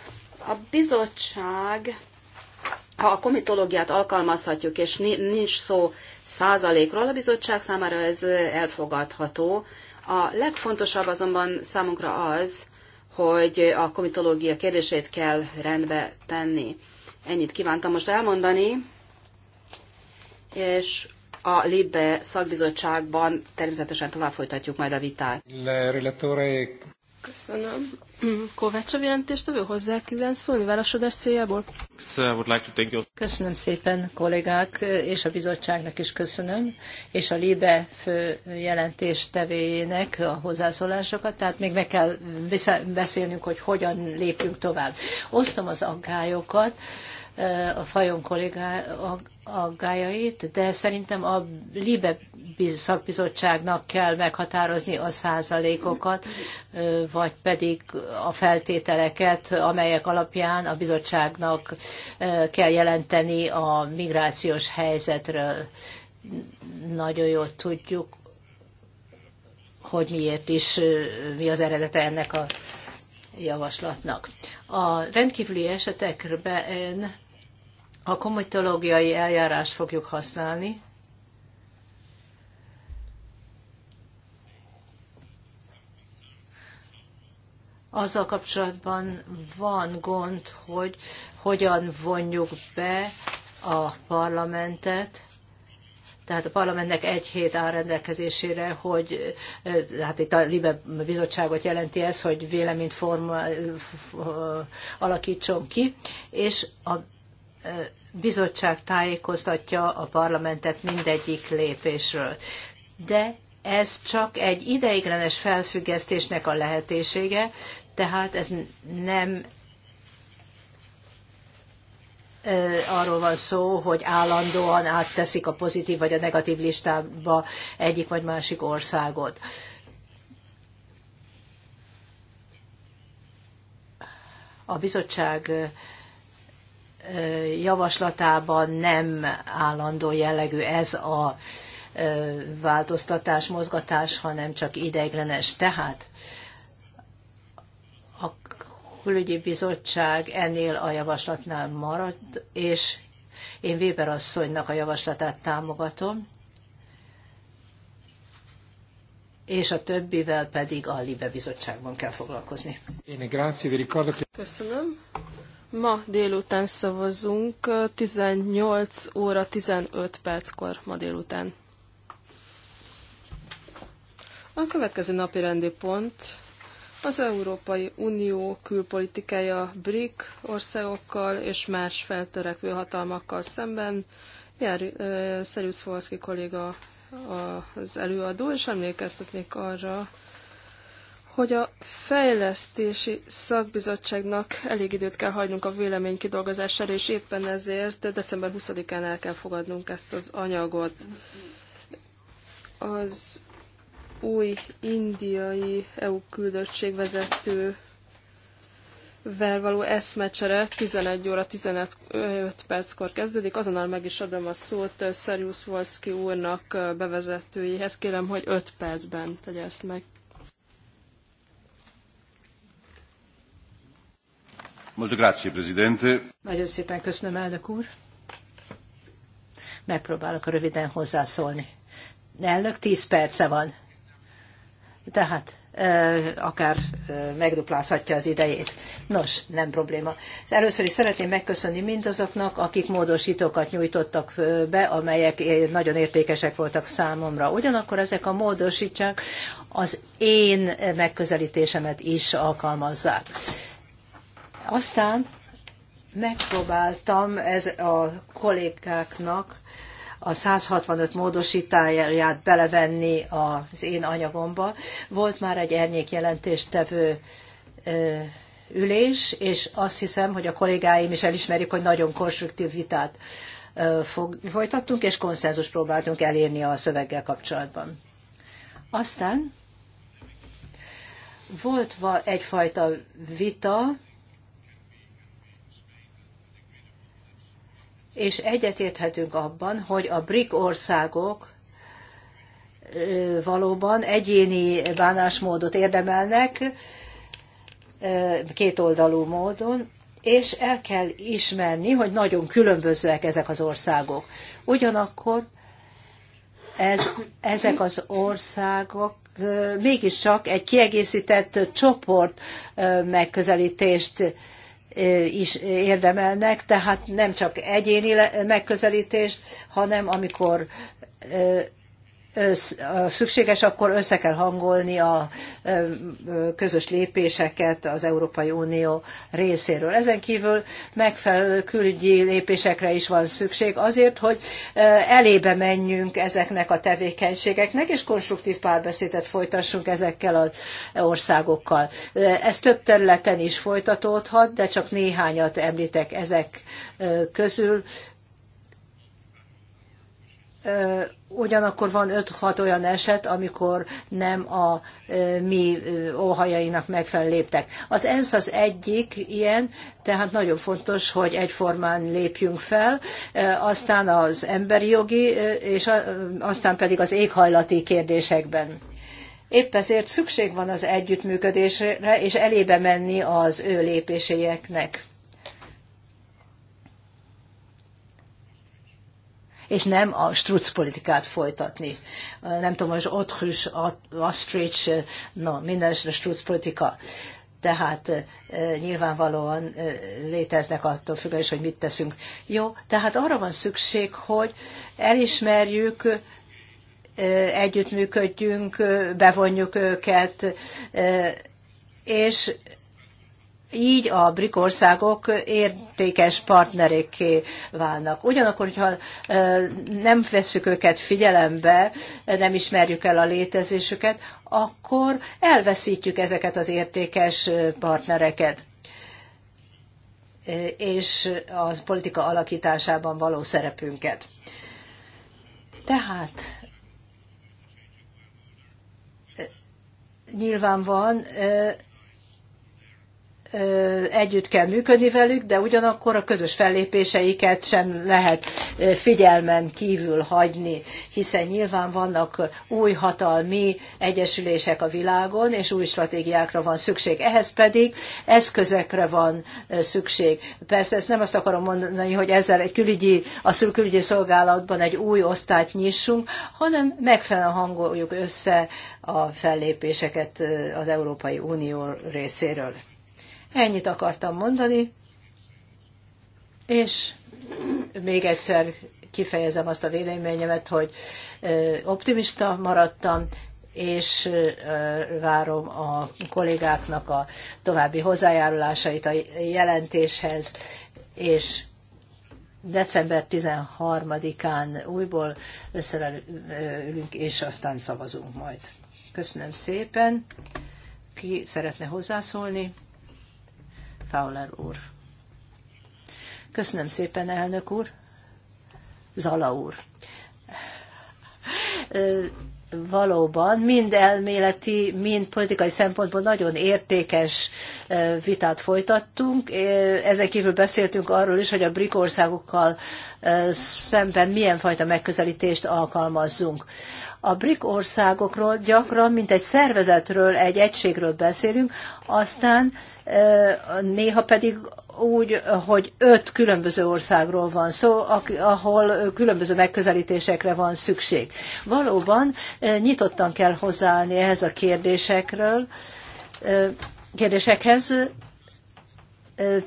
A bizottság, ha a komitológiát alkalmazhatjuk, és nincs szó százalékról, a bizottság számára ez elfogadható. A legfontosabb azonban számunkra az, hogy a komitológia kérdését kell rendbe tenni. Ennyit kívántam most elmondani, és a LIBE szakbizottságban természetesen tovább folytatjuk majd a vitát. Köszönöm. Kovács a jelentéstevő hozzá kíván szólni válaszodás céljából? Köszönöm szépen kollégák, és a bizottságnak is köszönöm, és a LIBE fő jelentéstevőjének a hozzászólásokat, tehát még meg kell beszélnünk, hogy hogyan lépjünk tovább. Osztom az aggályokat, a fajon kollégák aggájait, de szerintem a LIBE szakbizottságnak kell meghatározni a százalékokat, vagy pedig a feltételeket, amelyek alapján a bizottságnak kell jelenteni a migrációs helyzetről. Nagyon jól tudjuk, hogy miért is, mi az eredete ennek a javaslatnak. A rendkívüli esetekben a komitológiai eljárást fogjuk használni. Azzal kapcsolatban van gond, hogy hogyan vonjuk be a parlamentet, tehát a parlamentnek egy hét áll rendelkezésére, hogy hát itt a Libe bizottságot jelenti ez, hogy véleményt alakítson ki, és a bizottság tájékoztatja a parlamentet mindegyik lépésről. De ez csak egy ideiglenes felfüggesztésnek a lehetősége, tehát ez nem arról van szó, hogy állandóan átteszik a pozitív vagy a negatív listába egyik vagy másik országot. A bizottság javaslatában nem állandó jellegű ez a változtatás, mozgatás, hanem csak ideiglenes. Tehát a külügyi bizottság ennél a javaslatnál marad, és én Weber asszonynak a javaslatát támogatom, és a többivel pedig a Libe bizottságban kell foglalkozni. Köszönöm. Ma délután szavazunk, 18 óra 15 perckor ma délután. A következő napi rendi pont az Európai Unió külpolitikája BRIC országokkal és más feltörekvő hatalmakkal szemben. Jár Szerűszfolszki kolléga az előadó, és emlékeztetnék arra, hogy a fejlesztési szakbizottságnak elég időt kell hagynunk a vélemény kidolgozására, és éppen ezért december 20-án el kell fogadnunk ezt az anyagot. Az új indiai EU küldöttség vezető vervaló való eszmecsere 11 óra 15 perckor kezdődik. Azonnal meg is adom a szót Szerjusz Volszki úrnak bevezetőjéhez. Kérem, hogy 5 percben tegye ezt meg. Molto grazie, Presidente. Nagyon szépen köszönöm, elnök úr. Megpróbálok röviden hozzászólni. Elnök, 10 perce van. Tehát akár megduplázhatja az idejét. Nos, nem probléma. Először is szeretném megköszönni mindazoknak, akik módosítókat nyújtottak be, amelyek nagyon értékesek voltak számomra. Ugyanakkor ezek a módosítsák az én megközelítésemet is alkalmazzák. Aztán megpróbáltam ez a kollégáknak a 165 módosítáját belevenni az én anyagomba. Volt már egy ernyék tevő ülés, és azt hiszem, hogy a kollégáim is elismerik, hogy nagyon konstruktív vitát folytattunk, és konszenzus próbáltunk elérni a szöveggel kapcsolatban. Aztán volt egyfajta vita és egyetérthetünk abban, hogy a BRIC országok valóban egyéni bánásmódot érdemelnek, kétoldalú módon, és el kell ismerni, hogy nagyon különbözőek ezek az országok. Ugyanakkor ez, ezek az országok mégiscsak egy kiegészített csoport megközelítést is érdemelnek, tehát nem csak egyéni megközelítést, hanem amikor szükséges, akkor össze kell hangolni a közös lépéseket az Európai Unió részéről. Ezen kívül megfelelő külügyi lépésekre is van szükség azért, hogy elébe menjünk ezeknek a tevékenységeknek, és konstruktív párbeszédet folytassunk ezekkel az országokkal. Ez több területen is folytatódhat, de csak néhányat említek ezek közül Ugyanakkor van 5-6 olyan eset, amikor nem a mi óhajainak megfelelően léptek. Az ENSZ az egyik ilyen, tehát nagyon fontos, hogy egyformán lépjünk fel, aztán az emberi jogi, és aztán pedig az éghajlati kérdésekben. Épp ezért szükség van az együttműködésre, és elébe menni az ő lépéséjeknek és nem a struc politikát folytatni. Nem tudom, hogy Otthus, Ostrich, no, minden esetre struc politika. Tehát nyilvánvalóan léteznek attól függően is, hogy mit teszünk. Jó, tehát arra van szükség, hogy elismerjük, együttműködjünk, bevonjuk őket, és így a brik országok értékes partnerékké válnak. Ugyanakkor, hogyha nem veszük őket figyelembe, nem ismerjük el a létezésüket, akkor elveszítjük ezeket az értékes partnereket és a politika alakításában való szerepünket. Tehát nyilván van, együtt kell működni velük, de ugyanakkor a közös fellépéseiket sem lehet figyelmen kívül hagyni, hiszen nyilván vannak új hatalmi egyesülések a világon, és új stratégiákra van szükség. Ehhez pedig eszközekre van szükség. Persze ezt nem azt akarom mondani, hogy ezzel egy külügyi, a külügyi szolgálatban egy új osztályt nyissunk, hanem megfelelően hangoljuk össze a fellépéseket az Európai Unió részéről. Ennyit akartam mondani, és még egyszer kifejezem azt a véleményemet, hogy optimista maradtam, és várom a kollégáknak a további hozzájárulásait a jelentéshez, és december 13-án újból összeülünk, és aztán szavazunk majd. Köszönöm szépen. Ki szeretne hozzászólni? Fowler úr. Köszönöm szépen, elnök úr. Zala úr. Valóban mind elméleti, mind politikai szempontból nagyon értékes vitát folytattunk. Ezen kívül beszéltünk arról is, hogy a brik országokkal szemben milyen fajta megközelítést alkalmazzunk. A BRIC országokról gyakran, mint egy szervezetről, egy egységről beszélünk, aztán néha pedig úgy, hogy öt különböző országról van szó, ahol különböző megközelítésekre van szükség. Valóban nyitottan kell hozzáállni ehhez a kérdésekről, kérdésekhez,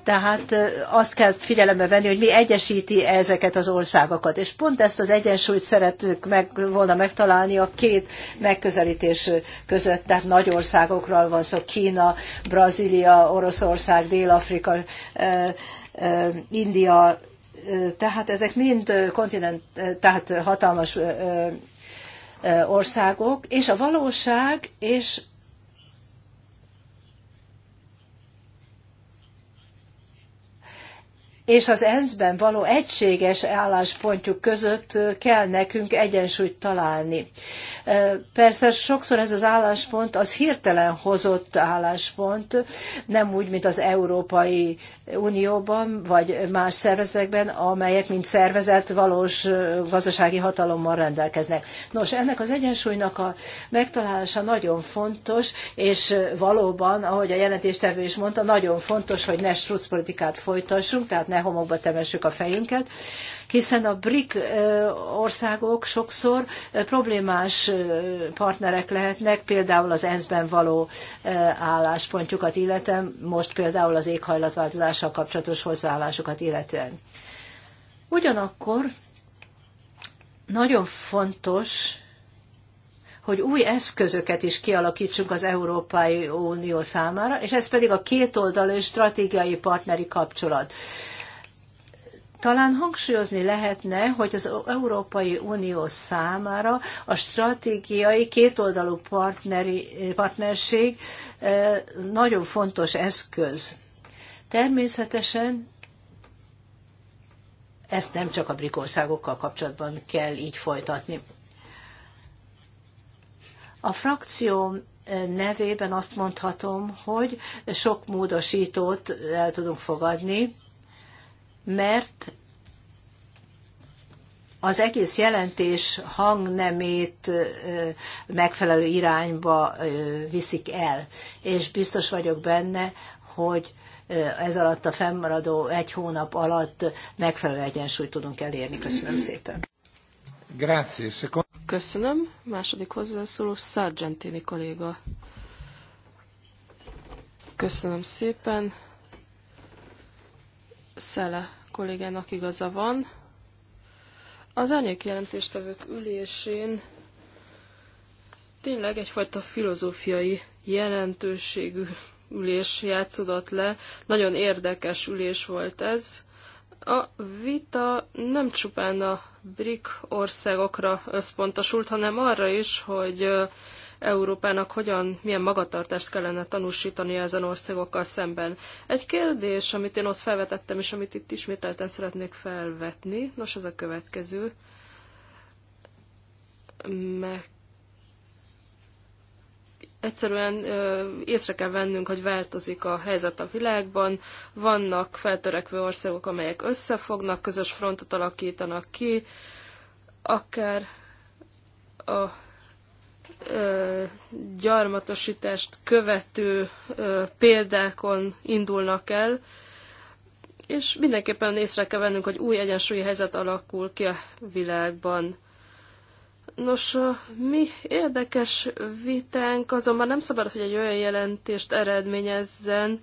tehát azt kell figyelembe venni, hogy mi egyesíti ezeket az országokat. És pont ezt az egyensúlyt szeretünk meg, volna megtalálni a két megközelítés között, tehát nagy országokról van szó, Kína, Brazília, Oroszország, Dél-Afrika, India, tehát ezek mind kontinent, tehát hatalmas országok, és a valóság és és az ENSZ-ben való egységes álláspontjuk között kell nekünk egyensúlyt találni. Persze sokszor ez az álláspont az hirtelen hozott álláspont, nem úgy, mint az Európai Unióban, vagy más szervezetekben, amelyek mint szervezet valós gazdasági hatalommal rendelkeznek. Nos, ennek az egyensúlynak a megtalálása nagyon fontos, és valóban, ahogy a jelentéstevő is mondta, nagyon fontos, hogy ne strucpolitikát folytassunk, tehát ne ne homokba temessük a fejünket, hiszen a BRIC országok sokszor problémás partnerek lehetnek, például az ENSZ-ben való álláspontjukat illetően, most például az éghajlatváltozással kapcsolatos hozzáállásukat illetően. Ugyanakkor nagyon fontos, hogy új eszközöket is kialakítsunk az Európai Unió számára, és ez pedig a kétoldalú stratégiai partneri kapcsolat. Talán hangsúlyozni lehetne, hogy az Európai Unió számára a stratégiai kétoldalú partneri, partnerség eh, nagyon fontos eszköz. Természetesen ezt nem csak a brik országokkal kapcsolatban kell így folytatni. A frakció eh, nevében azt mondhatom, hogy sok módosítót el tudunk fogadni, mert az egész jelentés hangnemét megfelelő irányba viszik el. És biztos vagyok benne, hogy ez alatt a fennmaradó egy hónap alatt megfelelő egyensúlyt tudunk elérni. Köszönöm szépen. Köszönöm. Második hozzászóló Sargentini kolléga. Köszönöm szépen. Szele kollégának igaza van. Az árnyék jelentéstevők ülésén tényleg egyfajta filozófiai jelentőségű ülés játszódott le. Nagyon érdekes ülés volt ez. A vita nem csupán a BRIC országokra összpontosult, hanem arra is, hogy Európának hogyan, milyen magatartást kellene tanúsítani ezen országokkal szemben. Egy kérdés, amit én ott felvetettem, és amit itt ismételten szeretnék felvetni, nos, az a következő. Meg egyszerűen ö, észre kell vennünk, hogy változik a helyzet a világban. Vannak feltörekvő országok, amelyek összefognak, közös frontot alakítanak ki, akár a ö, gyarmatosítást követő ö, példákon indulnak el, és mindenképpen észre kell vennünk, hogy új egyensúlyi helyzet alakul ki a világban. Nos, a mi érdekes vitánk azonban nem szabad, hogy egy olyan jelentést eredményezzen,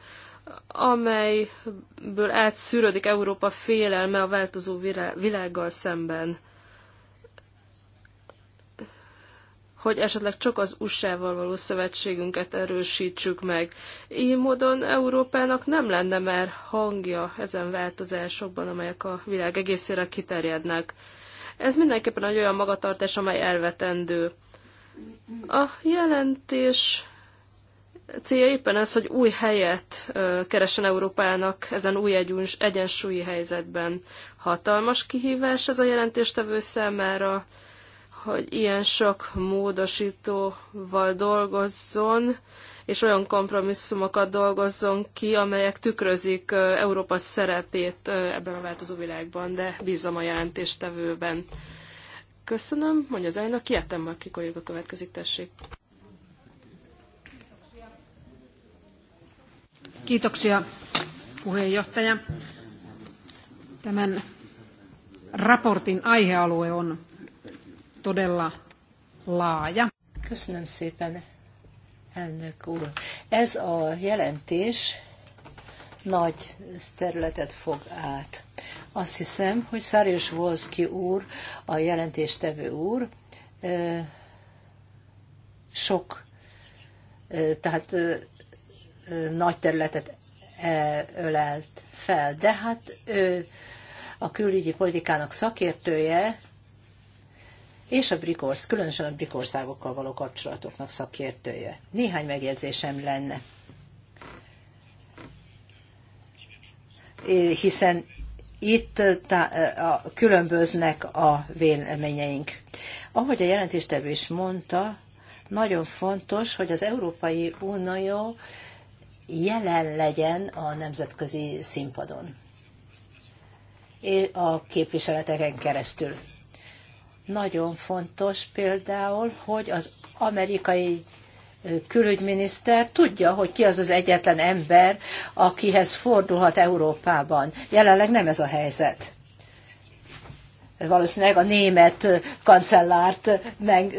amelyből átszűrődik Európa félelme a változó világgal szemben. hogy esetleg csak az USA-val való szövetségünket erősítsük meg. Így módon Európának nem lenne már hangja ezen változásokban, amelyek a világ egészére kiterjednek. Ez mindenképpen egy olyan magatartás, amely elvetendő. A jelentés célja éppen ez, hogy új helyet keresen Európának ezen új egyensúlyi helyzetben. Hatalmas kihívás ez a jelentéstevő számára, hogy ilyen sok módosítóval dolgozzon, és olyan kompromisszumokat dolgozzon ki, amelyek tükrözik Európa szerepét ebben a változó világban, de bízom a jelentéstevőben. Köszönöm, mondja az elnök, kiáltam ki a következik, tessék. Kiitoksia puheenjohtaja. Tämän raportin aihealue on todella laaja. Köszönöm szépen, elnök úr. Ez a jelentés nagy területet fog át. Azt hiszem, hogy Szárius Volszki úr, a jelentéstevő úr, sok, tehát nagy területet ölelt fel, de hát ő a külügyi politikának szakértője, és a Brikorsz, különösen a Brikországokkal való kapcsolatoknak szakértője. Néhány megjegyzésem lenne. Hiszen itt különböznek a véleményeink. Ahogy a jelentéstevő is mondta, nagyon fontos, hogy az Európai Unió jelen legyen a nemzetközi színpadon a képviseleteken keresztül. Nagyon fontos például, hogy az amerikai külügyminiszter tudja, hogy ki az az egyetlen ember, akihez fordulhat Európában. Jelenleg nem ez a helyzet. Valószínűleg a német kancellárt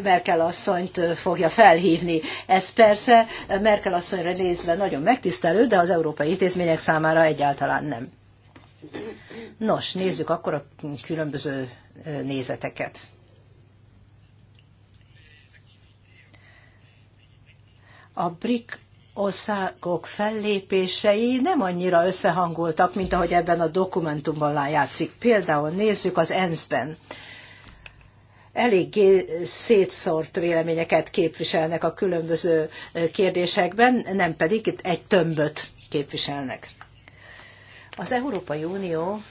Merkel asszonyt fogja felhívni. Ez persze Merkel asszonyra nézve nagyon megtisztelő, de az európai intézmények számára egyáltalán nem. Nos, nézzük akkor a különböző nézeteket. a BRIC országok fellépései nem annyira összehangoltak, mint ahogy ebben a dokumentumban látszik. Például nézzük az ENSZ-ben. Eléggé szétszórt véleményeket képviselnek a különböző kérdésekben, nem pedig itt egy tömböt képviselnek. Az Európai Unió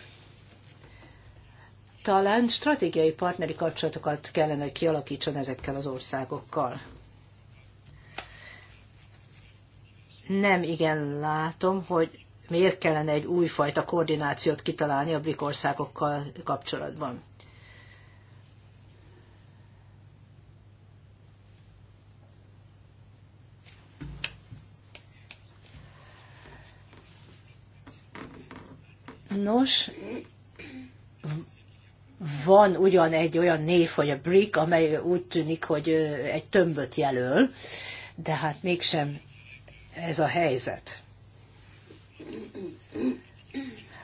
talán stratégiai partneri kapcsolatokat kellene, hogy kialakítson ezekkel az országokkal. nem igen látom, hogy miért kellene egy újfajta koordinációt kitalálni a brik országokkal kapcsolatban. Nos, van ugyan egy olyan név, hogy a brick, amely úgy tűnik, hogy egy tömböt jelöl, de hát mégsem ez a helyzet.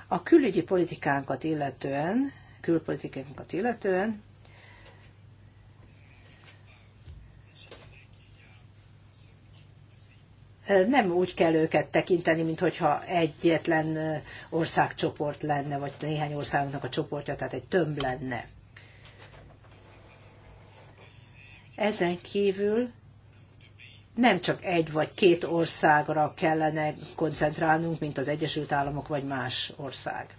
A külügyi politikánkat illetően, külpolitikánkat illetően, nem úgy kell őket tekinteni, mint hogyha egyetlen országcsoport lenne, vagy néhány országnak a csoportja, tehát egy tömb lenne. Ezen kívül nem csak egy vagy két országra kellene koncentrálnunk, mint az Egyesült Államok vagy más ország.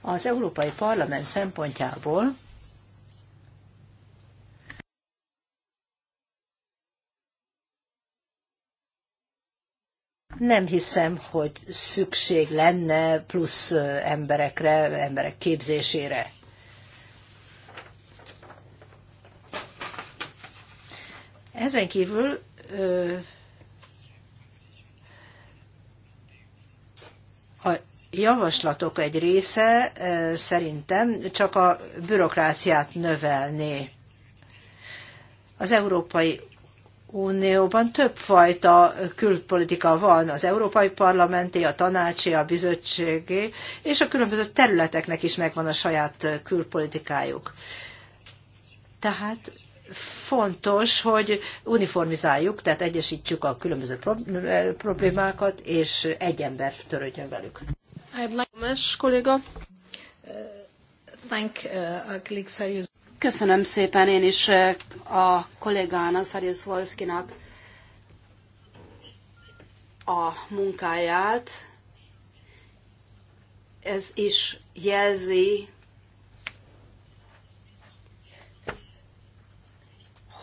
Az Európai Parlament szempontjából nem hiszem, hogy szükség lenne plusz emberekre, emberek képzésére Ezen kívül a javaslatok egy része szerintem csak a bürokráciát növelné. Az Európai Unióban többfajta külpolitika van, az Európai Parlamenti, a Tanácsi, a Bizottségé, és a különböző területeknek is megvan a saját külpolitikájuk. Tehát fontos, hogy uniformizáljuk, tehát egyesítsük a különböző problémákat, és egy ember törődjön velük. Más kolléga? Uh, thank, uh, Köszönöm szépen én is uh, a kollégának, Szarius Volszkinak a munkáját. Ez is jelzi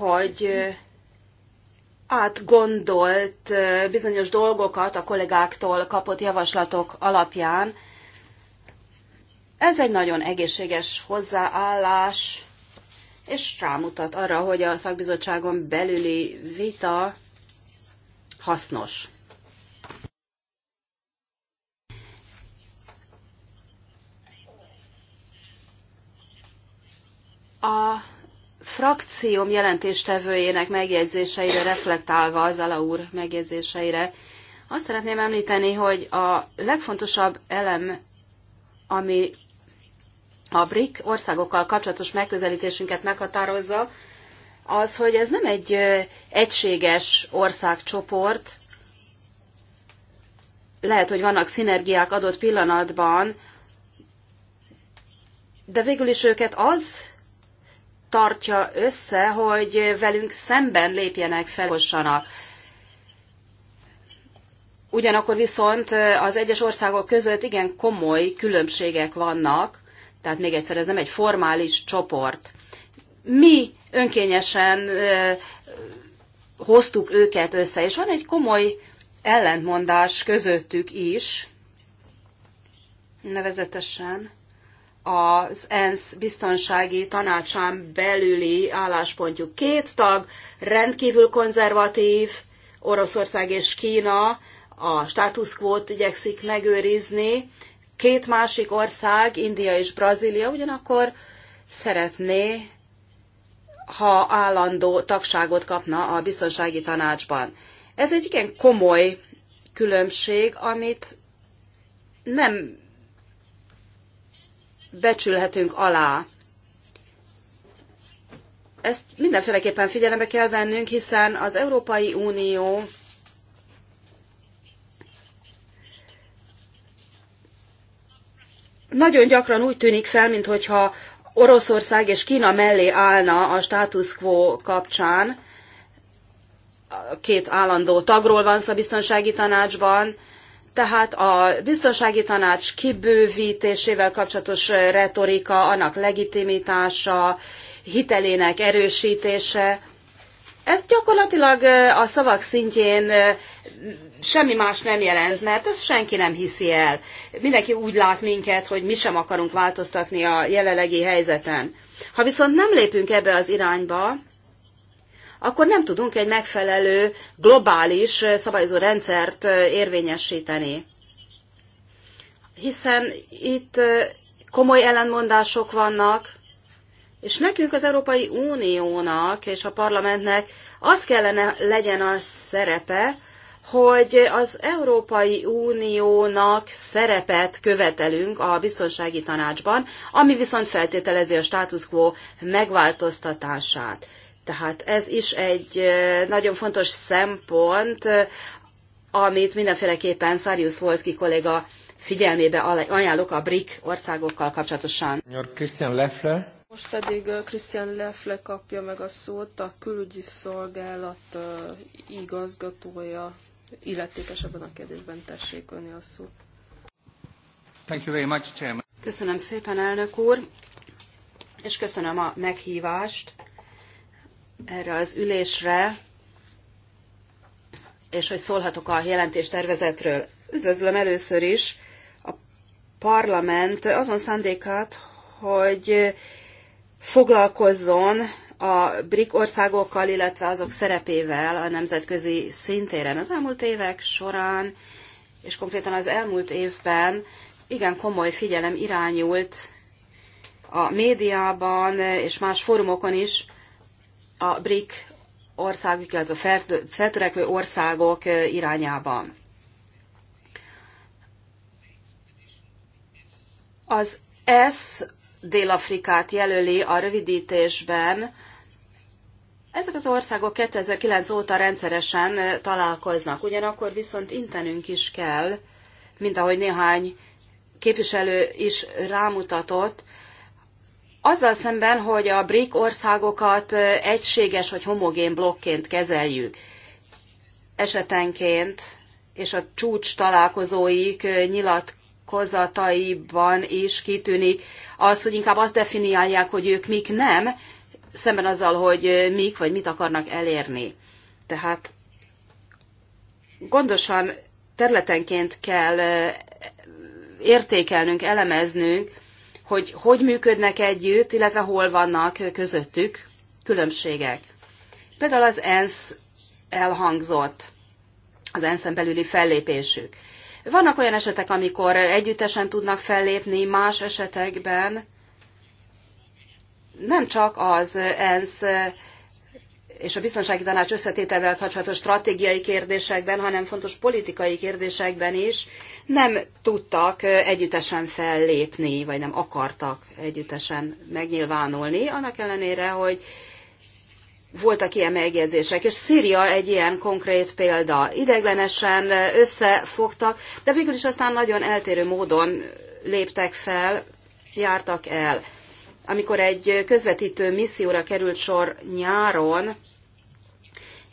hogy átgondolt bizonyos dolgokat a kollégáktól kapott javaslatok alapján. Ez egy nagyon egészséges hozzáállás, és rámutat arra, hogy a szakbizottságon belüli vita hasznos. A frakcióm jelentéstevőjének megjegyzéseire reflektálva, az Ala úr megjegyzéseire, azt szeretném említeni, hogy a legfontosabb elem, ami a BRIC országokkal kapcsolatos megközelítésünket meghatározza, az, hogy ez nem egy egységes országcsoport, lehet, hogy vannak szinergiák adott pillanatban, de végül is őket az tartja össze, hogy velünk szemben lépjenek fel, hossanak. Ugyanakkor viszont az egyes országok között igen komoly különbségek vannak, tehát még egyszer ez nem egy formális csoport. Mi önkényesen hoztuk őket össze, és van egy komoly ellentmondás közöttük is, nevezetesen az ENSZ biztonsági tanácsán belüli álláspontjuk. Két tag rendkívül konzervatív, Oroszország és Kína a status quo-t igyekszik megőrizni, két másik ország, India és Brazília ugyanakkor szeretné, ha állandó tagságot kapna a biztonsági tanácsban. Ez egy igen komoly különbség, amit nem becsülhetünk alá. Ezt mindenféleképpen figyelembe kell vennünk, hiszen az Európai Unió nagyon gyakran úgy tűnik fel, mintha Oroszország és Kína mellé állna a status quo kapcsán. Két állandó tagról van szó a biztonsági tanácsban, tehát a biztonsági tanács kibővítésével kapcsolatos retorika, annak legitimitása, hitelének erősítése, ez gyakorlatilag a szavak szintjén semmi más nem jelent, mert ezt senki nem hiszi el. Mindenki úgy lát minket, hogy mi sem akarunk változtatni a jelenlegi helyzeten. Ha viszont nem lépünk ebbe az irányba, akkor nem tudunk egy megfelelő globális szabályozó rendszert érvényesíteni. Hiszen itt komoly ellenmondások vannak, és nekünk az Európai Uniónak és a parlamentnek az kellene legyen a szerepe, hogy az Európai Uniónak szerepet követelünk a biztonsági tanácsban, ami viszont feltételezi a status quo megváltoztatását. Tehát ez is egy nagyon fontos szempont, amit mindenféleképpen Szarius Volszki kolléga figyelmébe ajánlok a BRIC országokkal kapcsolatosan. Christian Leffler. Most pedig Christian Leffler kapja meg a szót, a külügyi szolgálat igazgatója, illetékes ebben a kérdésben tessék önni a szót. Thank you very much, Chairman. Köszönöm szépen, elnök úr, és köszönöm a meghívást erre az ülésre, és hogy szólhatok a jelentéstervezetről. Üdvözlöm először is a parlament azon szándékát, hogy foglalkozzon a BRIC országokkal, illetve azok szerepével a nemzetközi szintéren. Az elmúlt évek során, és konkrétan az elmúlt évben igen komoly figyelem irányult a médiában és más fórumokon is a BRIC országok, illetve a feltörekvő országok irányában. Az S Dél-Afrikát jelöli a rövidítésben. Ezek az országok 2009 óta rendszeresen találkoznak, ugyanakkor viszont intenünk is kell, mint ahogy néhány képviselő is rámutatott, azzal szemben, hogy a BRIC országokat egységes vagy homogén blokként kezeljük esetenként, és a csúcs találkozóik nyilatkozataiban is kitűnik az, hogy inkább azt definiálják, hogy ők mik nem, szemben azzal, hogy mik vagy mit akarnak elérni. Tehát gondosan területenként kell értékelnünk, elemeznünk, hogy hogy működnek együtt, illetve hol vannak közöttük különbségek. Például az ENSZ elhangzott, az ensz belüli fellépésük. Vannak olyan esetek, amikor együttesen tudnak fellépni, más esetekben nem csak az ENSZ és a biztonsági tanács összetételvel kapcsolatos stratégiai kérdésekben, hanem fontos politikai kérdésekben is nem tudtak együttesen fellépni, vagy nem akartak együttesen megnyilvánulni, annak ellenére, hogy voltak ilyen megjegyzések, és Szíria egy ilyen konkrét példa. Ideglenesen összefogtak, de végül is aztán nagyon eltérő módon léptek fel, jártak el amikor egy közvetítő misszióra került sor nyáron,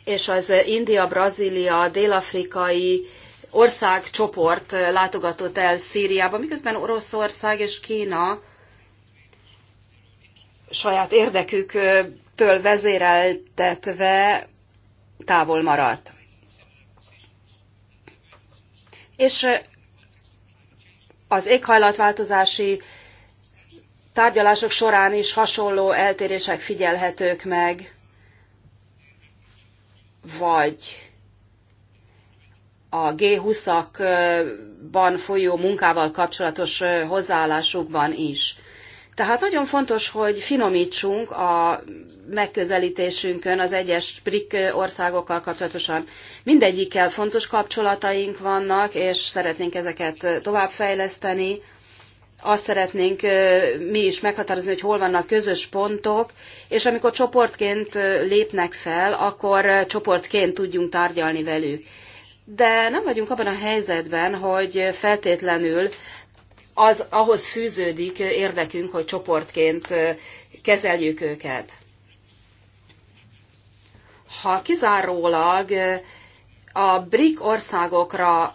és az India, Brazília, dél-afrikai országcsoport látogatott el Szíriába, miközben Oroszország és Kína saját érdeküktől vezéreltetve távol maradt. És az éghajlatváltozási tárgyalások során is hasonló eltérések figyelhetők meg, vagy a G20-akban folyó munkával kapcsolatos hozzáállásukban is. Tehát nagyon fontos, hogy finomítsunk a megközelítésünkön az egyes BRIC országokkal kapcsolatosan. Mindegyikkel fontos kapcsolataink vannak, és szeretnénk ezeket továbbfejleszteni azt szeretnénk mi is meghatározni, hogy hol vannak közös pontok, és amikor csoportként lépnek fel, akkor csoportként tudjunk tárgyalni velük. De nem vagyunk abban a helyzetben, hogy feltétlenül az ahhoz fűződik érdekünk, hogy csoportként kezeljük őket. Ha kizárólag a BRIC országokra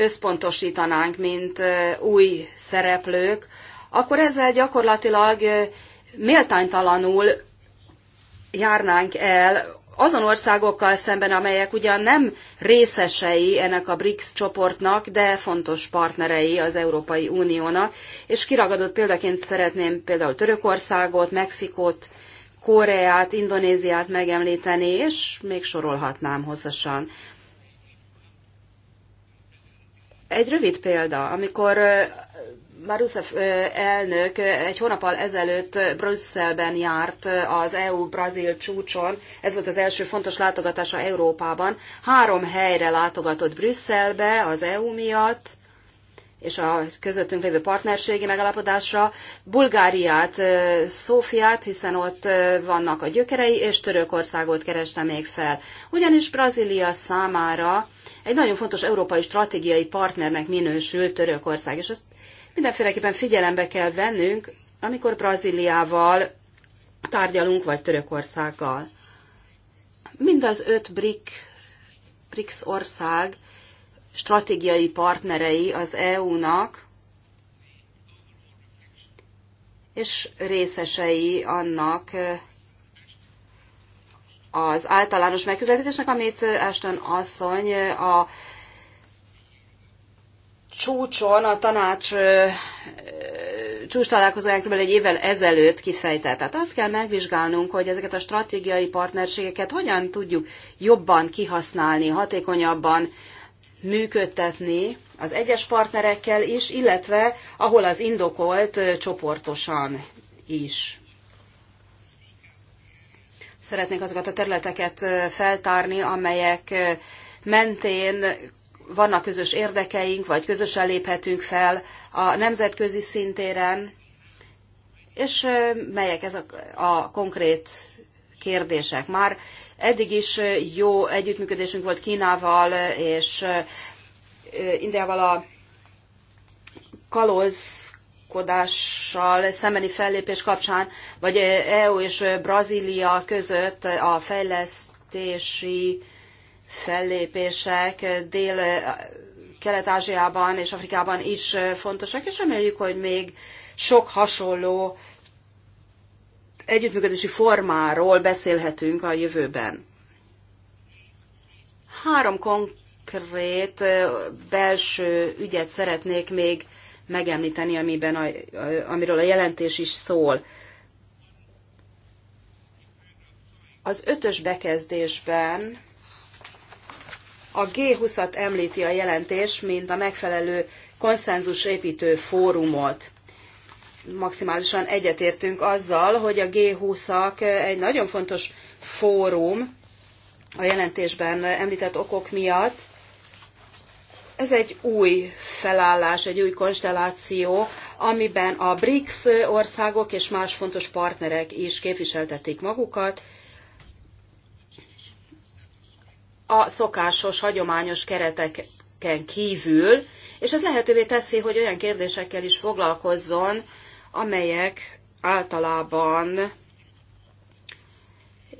összpontosítanánk, mint új szereplők, akkor ezzel gyakorlatilag méltánytalanul járnánk el azon országokkal szemben, amelyek ugyan nem részesei ennek a BRICS csoportnak, de fontos partnerei az Európai Uniónak, és kiragadott példaként szeretném például Törökországot, Mexikót, Koreát, Indonéziát megemlíteni, és még sorolhatnám hosszasan. Egy rövid példa, amikor Marusev elnök egy hónappal ezelőtt Brüsszelben járt az EU-Brazil csúcson, ez volt az első fontos látogatása Európában. Három helyre látogatott Brüsszelbe az EU miatt, és a közöttünk lévő partnerségi megalapodásra, Bulgáriát, Szófiát, hiszen ott vannak a gyökerei, és Törökországot kereste még fel. Ugyanis Brazília számára egy nagyon fontos európai stratégiai partnernek minősül Törökország, és ezt mindenféleképpen figyelembe kell vennünk, amikor Brazíliával tárgyalunk, vagy Törökországgal. Mind az öt BRIC, BRICS ország stratégiai partnerei az EU-nak, és részesei annak az általános megközelítésnek, amit Ashton asszony a csúcson, a tanács csúcs találkozóján kb. egy évvel ezelőtt kifejtett. Tehát azt kell megvizsgálnunk, hogy ezeket a stratégiai partnerségeket hogyan tudjuk jobban kihasználni, hatékonyabban működtetni az egyes partnerekkel is, illetve ahol az indokolt csoportosan is. Szeretnék azokat a területeket feltárni, amelyek mentén vannak közös érdekeink, vagy közösen léphetünk fel a nemzetközi szintéren, és melyek ezek a konkrét kérdések. Már Eddig is jó együttműködésünk volt Kínával és Indiával a kalózkodással szembeni fellépés kapcsán, vagy EU és Brazília között a fejlesztési fellépések Dél-Kelet-Ázsiában és Afrikában is fontosak, és reméljük, hogy még sok hasonló együttműködési formáról beszélhetünk a jövőben. Három konkrét belső ügyet szeretnék még megemlíteni, amiben a, amiről a jelentés is szól. Az ötös bekezdésben a G20-at említi a jelentés, mint a megfelelő konszenzusépítő fórumot maximálisan egyetértünk azzal, hogy a G20-ak egy nagyon fontos fórum a jelentésben említett okok miatt. Ez egy új felállás, egy új konstelláció, amiben a BRICS országok és más fontos partnerek is képviseltetik magukat. A szokásos, hagyományos kereteken kívül, és ez lehetővé teszi, hogy olyan kérdésekkel is foglalkozzon, amelyek általában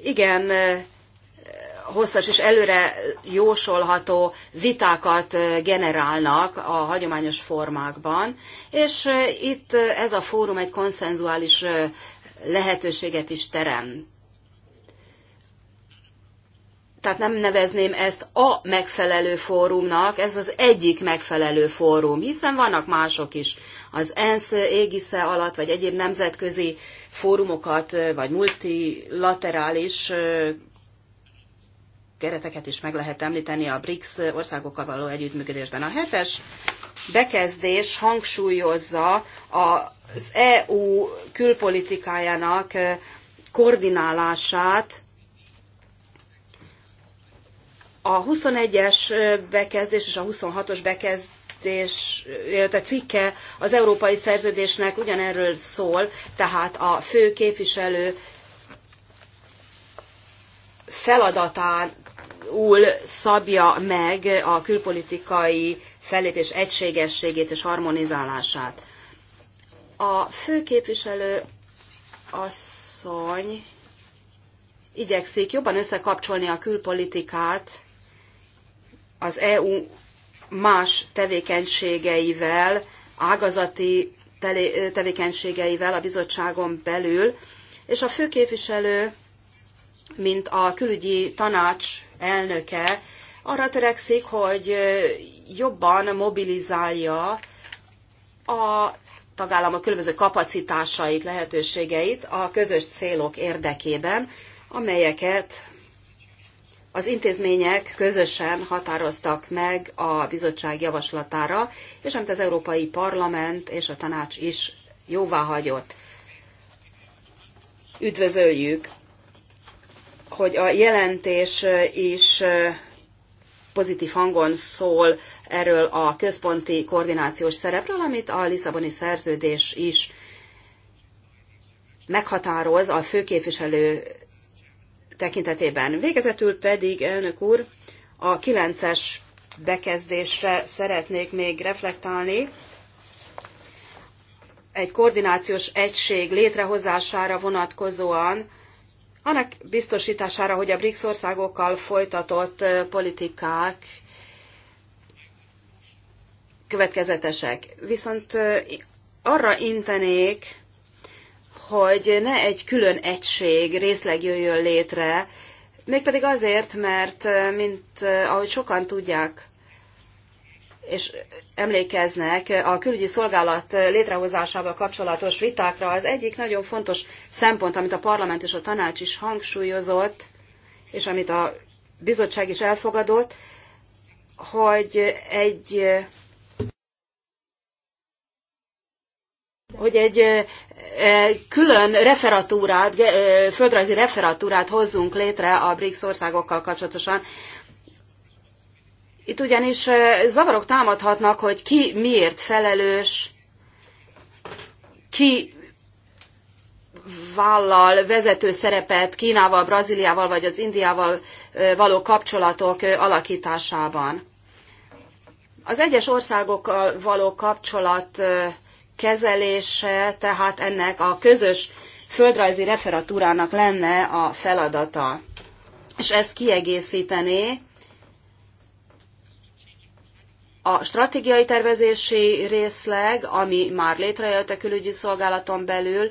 igen hosszas és előre jósolható vitákat generálnak a hagyományos formákban, és itt ez a fórum egy konszenzuális lehetőséget is teremt tehát nem nevezném ezt a megfelelő fórumnak, ez az egyik megfelelő fórum, hiszen vannak mások is. Az ENSZ égisze alatt, vagy egyéb nemzetközi fórumokat, vagy multilaterális kereteket is meg lehet említeni a BRICS országokkal való együttműködésben. A hetes bekezdés hangsúlyozza az EU külpolitikájának koordinálását, a 21-es bekezdés és a 26-os bekezdés, illetve cikke az európai szerződésnek ugyanerről szól, tehát a fő képviselő feladatául szabja meg a külpolitikai fellépés egységességét és harmonizálását. A főképviselő asszony igyekszik jobban összekapcsolni a külpolitikát az EU más tevékenységeivel, ágazati tevékenységeivel a bizottságon belül, és a főképviselő, mint a külügyi tanács elnöke, arra törekszik, hogy jobban mobilizálja a tagállamok különböző kapacitásait, lehetőségeit a közös célok érdekében, amelyeket az intézmények közösen határoztak meg a bizottság javaslatára, és amit az Európai Parlament és a tanács is jóvá hagyott. Üdvözöljük, hogy a jelentés is pozitív hangon szól erről a központi koordinációs szerepről, amit a Lisszaboni szerződés is meghatároz a főképviselő tekintetében. Végezetül pedig, elnök úr, a 9-es bekezdésre szeretnék még reflektálni. Egy koordinációs egység létrehozására vonatkozóan, annak biztosítására, hogy a BRICS országokkal folytatott politikák következetesek. Viszont arra intenék, hogy ne egy külön egység, részleg jöjjön létre, mégpedig azért, mert mint ahogy sokan tudják, és emlékeznek a külügyi szolgálat létrehozásával kapcsolatos vitákra, az egyik nagyon fontos szempont, amit a parlament és a tanács is hangsúlyozott, és amit a bizottság is elfogadott, hogy egy hogy egy külön referatúrát, földrajzi referatúrát hozzunk létre a BRICS országokkal kapcsolatosan. Itt ugyanis zavarok támadhatnak, hogy ki miért felelős, ki vállal vezető szerepet Kínával, Brazíliával vagy az Indiával való kapcsolatok alakításában. Az egyes országokkal való kapcsolat kezelése, tehát ennek a közös földrajzi referatúrának lenne a feladata. És ezt kiegészítené a stratégiai tervezési részleg, ami már létrejött a külügyi szolgálaton belül,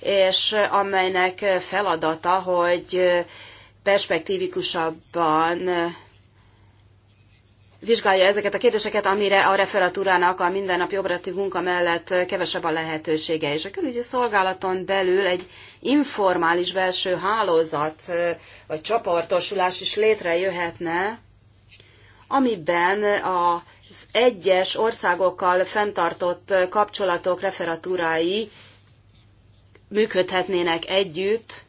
és amelynek feladata, hogy perspektívikusabban vizsgálja ezeket a kérdéseket, amire a referatúrának a mindennapi operatív munka mellett kevesebb a lehetősége. És a külügyi szolgálaton belül egy informális belső hálózat vagy csoportosulás is létrejöhetne, amiben az egyes országokkal fenntartott kapcsolatok referatúrái működhetnének együtt,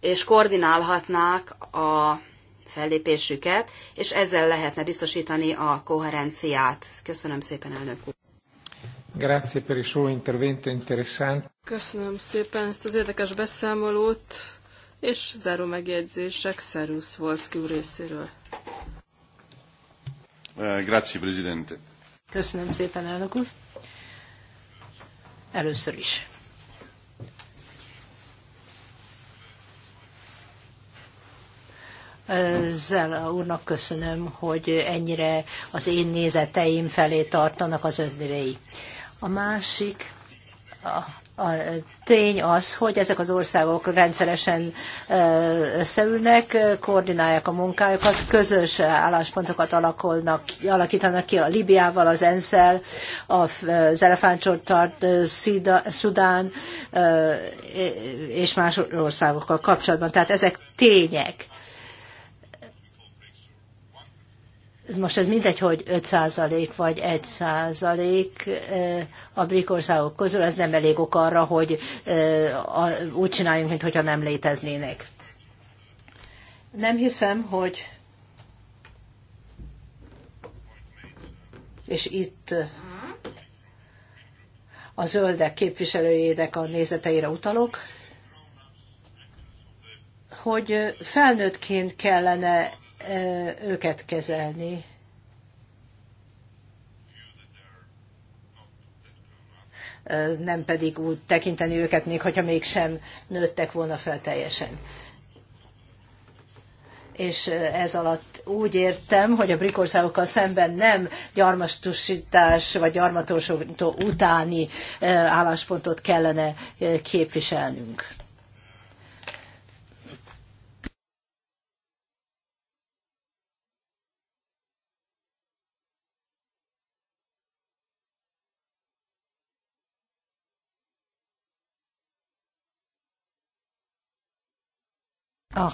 és koordinálhatnák a fellépésüket, és ezzel lehetne biztosítani a koherenciát. Köszönöm szépen, elnök úr. Grazie per il suo intervento interessante. Köszönöm szépen ezt az érdekes beszámolót, és záró megjegyzések Szerusz Volszki úr részéről. Eh, grazie, Presidente. Köszönöm szépen, elnök úr. Először is Zella úrnak köszönöm, hogy ennyire az én nézeteim felé tartanak az ötlévei. A másik, a, a tény az, hogy ezek az országok rendszeresen összeülnek, koordinálják a munkájukat, közös álláspontokat alakulnak, alakítanak ki a Libiával, az ensz az elefántcsortart, Szudán és más országokkal kapcsolatban. Tehát ezek tények. most ez mindegy, hogy 5% vagy 1% a brik országok közül, ez nem elég ok arra, hogy úgy csináljunk, mintha nem léteznének. Nem hiszem, hogy és itt a zöldek képviselőjének a nézeteire utalok, hogy felnőttként kellene őket kezelni. nem pedig úgy tekinteni őket, még hogyha mégsem nőttek volna fel teljesen. És ez alatt úgy értem, hogy a brikországokkal szemben nem gyarmatosítás vagy gyarmatosító utáni álláspontot kellene képviselnünk. A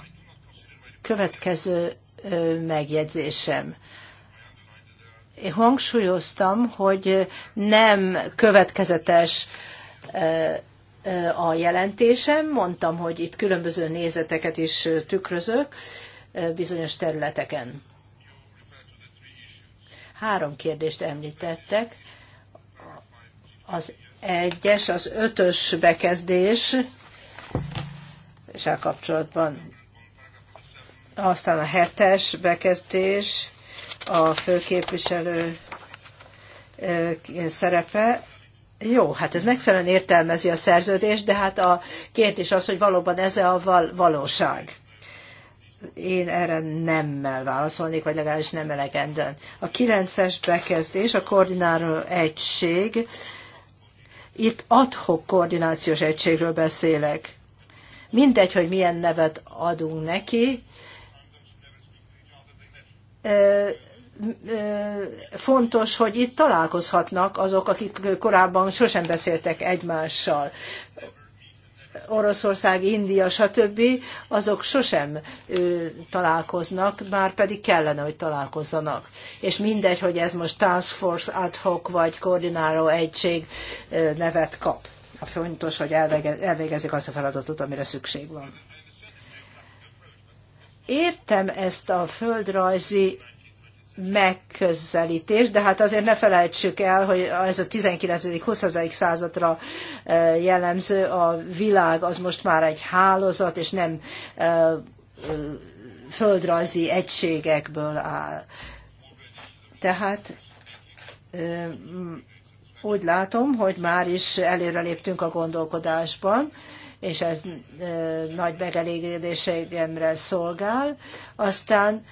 következő megjegyzésem. Én hangsúlyoztam, hogy nem következetes a jelentésem, mondtam, hogy itt különböző nézeteket is tükrözök bizonyos területeken. Három kérdést említettek. Az egyes, az ötös bekezdés, és kapcsolatban. Aztán a hetes bekezdés, a főképviselő szerepe. Jó, hát ez megfelelően értelmezi a szerződést, de hát a kérdés az, hogy valóban ez a val- valóság. Én erre nemmel válaszolnék, vagy legalábbis nem elegendően. A kilences bekezdés, a koordináló egység, itt adhok koordinációs egységről beszélek. Mindegy, hogy milyen nevet adunk neki, fontos, hogy itt találkozhatnak azok, akik korábban sosem beszéltek egymással. Oroszország, India, stb. azok sosem ő, találkoznak, már pedig kellene, hogy találkozzanak. És mindegy, hogy ez most Task Force ad hoc vagy koordináló egység nevet kap. A fontos, hogy elvégezik azt a feladatot, amire szükség van. Értem ezt a földrajzi megközelítés, de hát azért ne felejtsük el, hogy ez a 19.-20. századra e, jellemző, a világ az most már egy hálózat, és nem e, e, földrajzi egységekből áll. Tehát úgy látom, hogy már is előreléptünk a gondolkodásban, és ez nagy megelégedésemre szolgál. Aztán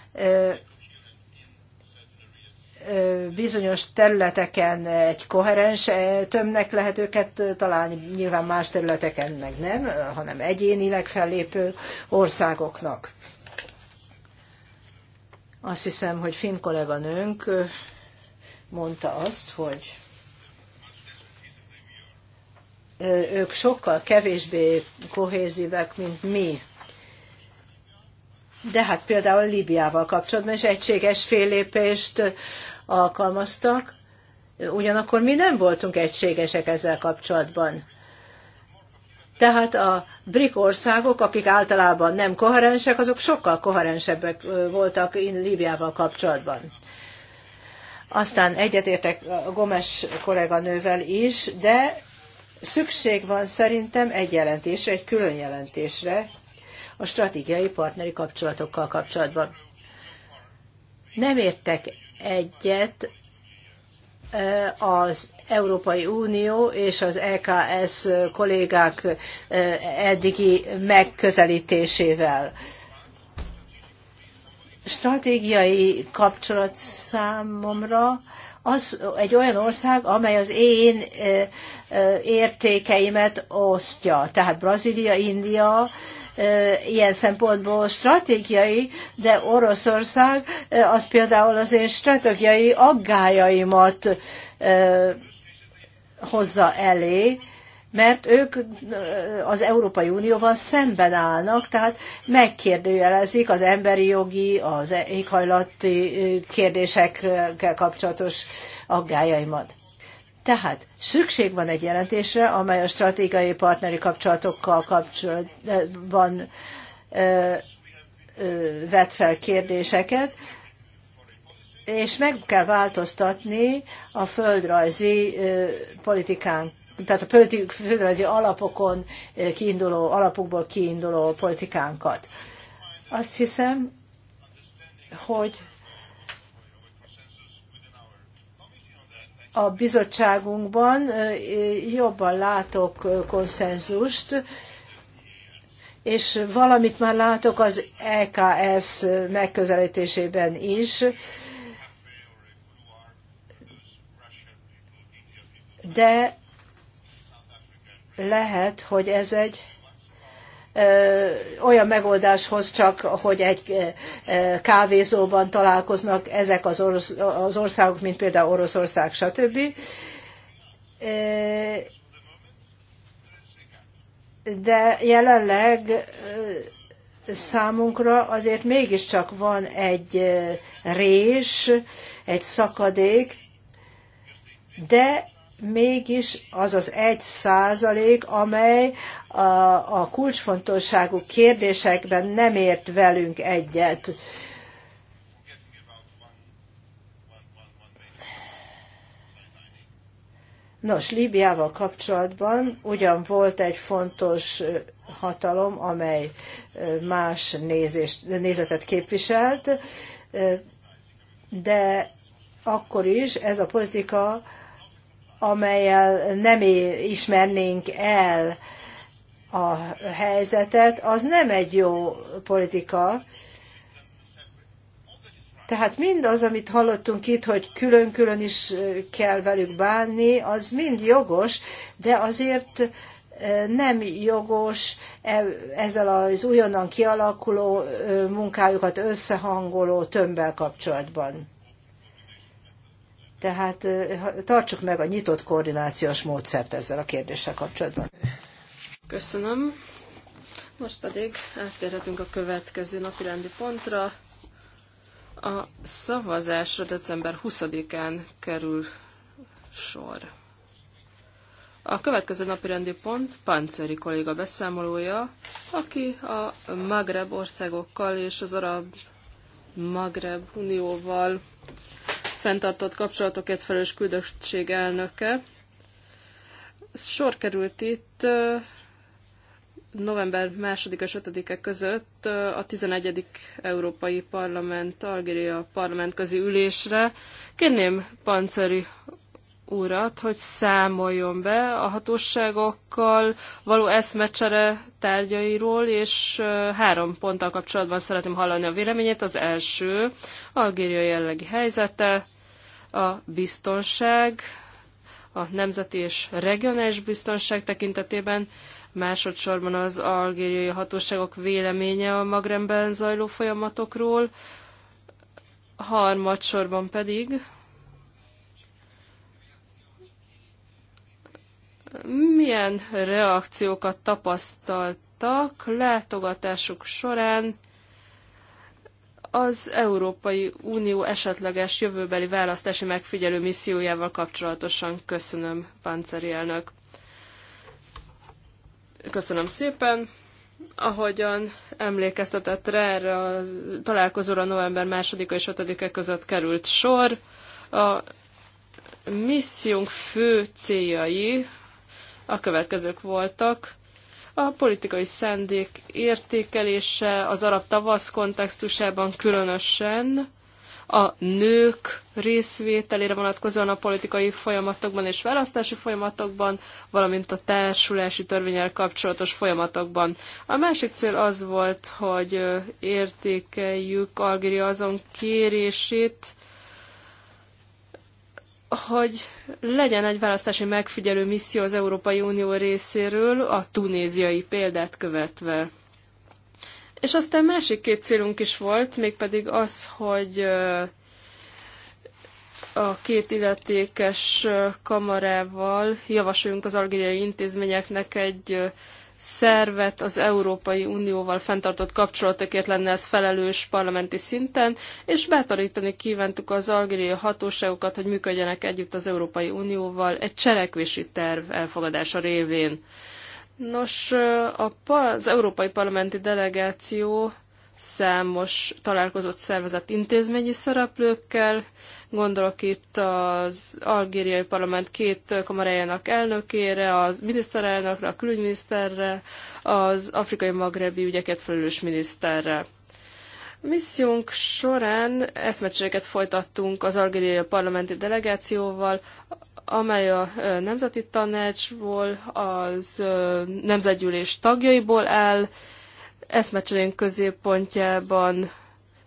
bizonyos területeken egy koherens tömnek lehet őket találni, nyilván más területeken meg nem, hanem egyénileg fellépő országoknak. Azt hiszem, hogy finn kolléganőnk mondta azt, hogy ők sokkal kevésbé kohézívek, mint mi. De hát például Líbiával kapcsolatban is egységes félépést alkalmaztak, ugyanakkor mi nem voltunk egységesek ezzel kapcsolatban. Tehát a brik országok, akik általában nem koherensek, azok sokkal koherensebbek voltak Líbiával kapcsolatban. Aztán egyetértek Gomes kolléganővel is, de Szükség van szerintem egy jelentésre, egy külön jelentésre a stratégiai partneri kapcsolatokkal kapcsolatban. Nem értek egyet e, az Európai Unió és az EKS kollégák e, eddigi megközelítésével. Stratégiai kapcsolat számomra az egy olyan ország, amely az én értékeimet osztja. Tehát Brazília, India, ilyen szempontból stratégiai, de Oroszország az például az én stratégiai aggájaimat hozza elé, mert ők az Európai Unióval szemben állnak, tehát megkérdőjelezik az emberi jogi, az éghajlati kérdésekkel kapcsolatos aggájaimat. Tehát szükség van egy jelentésre, amely a stratégiai partneri kapcsolatokkal kapcsolatban vet fel kérdéseket, és meg kell változtatni a földrajzi politikánk tehát a földrajzi alapokon eh, kiinduló, alapokból kiinduló politikánkat. Azt hiszem, hogy a bizottságunkban eh, jobban látok eh, konszenzust, és valamit már látok az EKS megközelítésében is, de lehet, hogy ez egy olyan megoldáshoz csak, hogy egy kávézóban találkoznak ezek az, orosz, az országok, mint például Oroszország, stb. De jelenleg számunkra azért mégiscsak van egy rés, egy szakadék, de mégis az az egy százalék, amely a, a kulcsfontosságú kérdésekben nem ért velünk egyet. Nos, Líbiával kapcsolatban ugyan volt egy fontos hatalom, amely más nézést, nézetet képviselt, de akkor is ez a politika amelyel nem ismernénk el a helyzetet, az nem egy jó politika. Tehát mindaz, amit hallottunk itt, hogy külön-külön is kell velük bánni, az mind jogos, de azért nem jogos e, ezzel az újonnan kialakuló munkájukat összehangoló tömbbel kapcsolatban. Tehát tartsuk meg a nyitott koordinációs módszert ezzel a kérdéssel kapcsolatban. Köszönöm. Most pedig áttérhetünk a következő napi rendi pontra. A szavazásra december 20-án kerül sor. A következő napi rendi pont Panceri kolléga beszámolója, aki a Magreb országokkal és az Arab Magreb Unióval fenntartott kapcsolatokért felelős küldöttség elnöke. Sor került itt november 2 és 5-e között a 11. Európai Parlament, Algéria Parlament közi ülésre. Kérném Panceri urat, hogy számoljon be a hatóságokkal való eszmecsere tárgyairól, és három ponttal kapcsolatban szeretném hallani a véleményét. Az első, Algéria jellegi helyzete, a biztonság, a nemzeti és regionális biztonság tekintetében, másodszorban az algériai hatóságok véleménye a Magremben zajló folyamatokról, harmadsorban pedig milyen reakciókat tapasztaltak látogatásuk során az Európai Unió esetleges jövőbeli választási megfigyelő missziójával kapcsolatosan. Köszönöm, Pánceri elnök. Köszönöm szépen. Ahogyan emlékeztetett rá, erre a találkozóra november 2 és 5-e között került sor. A missziunk fő céljai a következők voltak. A politikai szendék értékelése az arab tavasz kontextusában különösen a nők részvételére vonatkozóan a politikai folyamatokban és választási folyamatokban, valamint a társulási törvényel kapcsolatos folyamatokban. A másik cél az volt, hogy értékeljük Algéria azon kérését, hogy legyen egy választási megfigyelő misszió az Európai Unió részéről, a tunéziai példát követve. És aztán másik két célunk is volt, mégpedig az, hogy a két illetékes kamarával javasoljunk az algériai intézményeknek egy szervet az Európai Unióval fenntartott kapcsolatokért lenne ez felelős parlamenti szinten, és bátorítani kívántuk az algériai hatóságokat, hogy működjenek együtt az Európai Unióval egy cselekvési terv elfogadása révén. Nos, az Európai Parlamenti Delegáció számos találkozott szervezett intézményi szereplőkkel, Gondolok itt az algériai parlament két kamarájának elnökére, a miniszterelnökre, a külügyminiszterre, az afrikai magrebi ügyeket felelős miniszterre. Missziunk során eszmecseket folytattunk az algériai parlamenti delegációval, amely a Nemzeti Tanácsból, az Nemzetgyűlés tagjaiból áll. Eszmecserénk középpontjában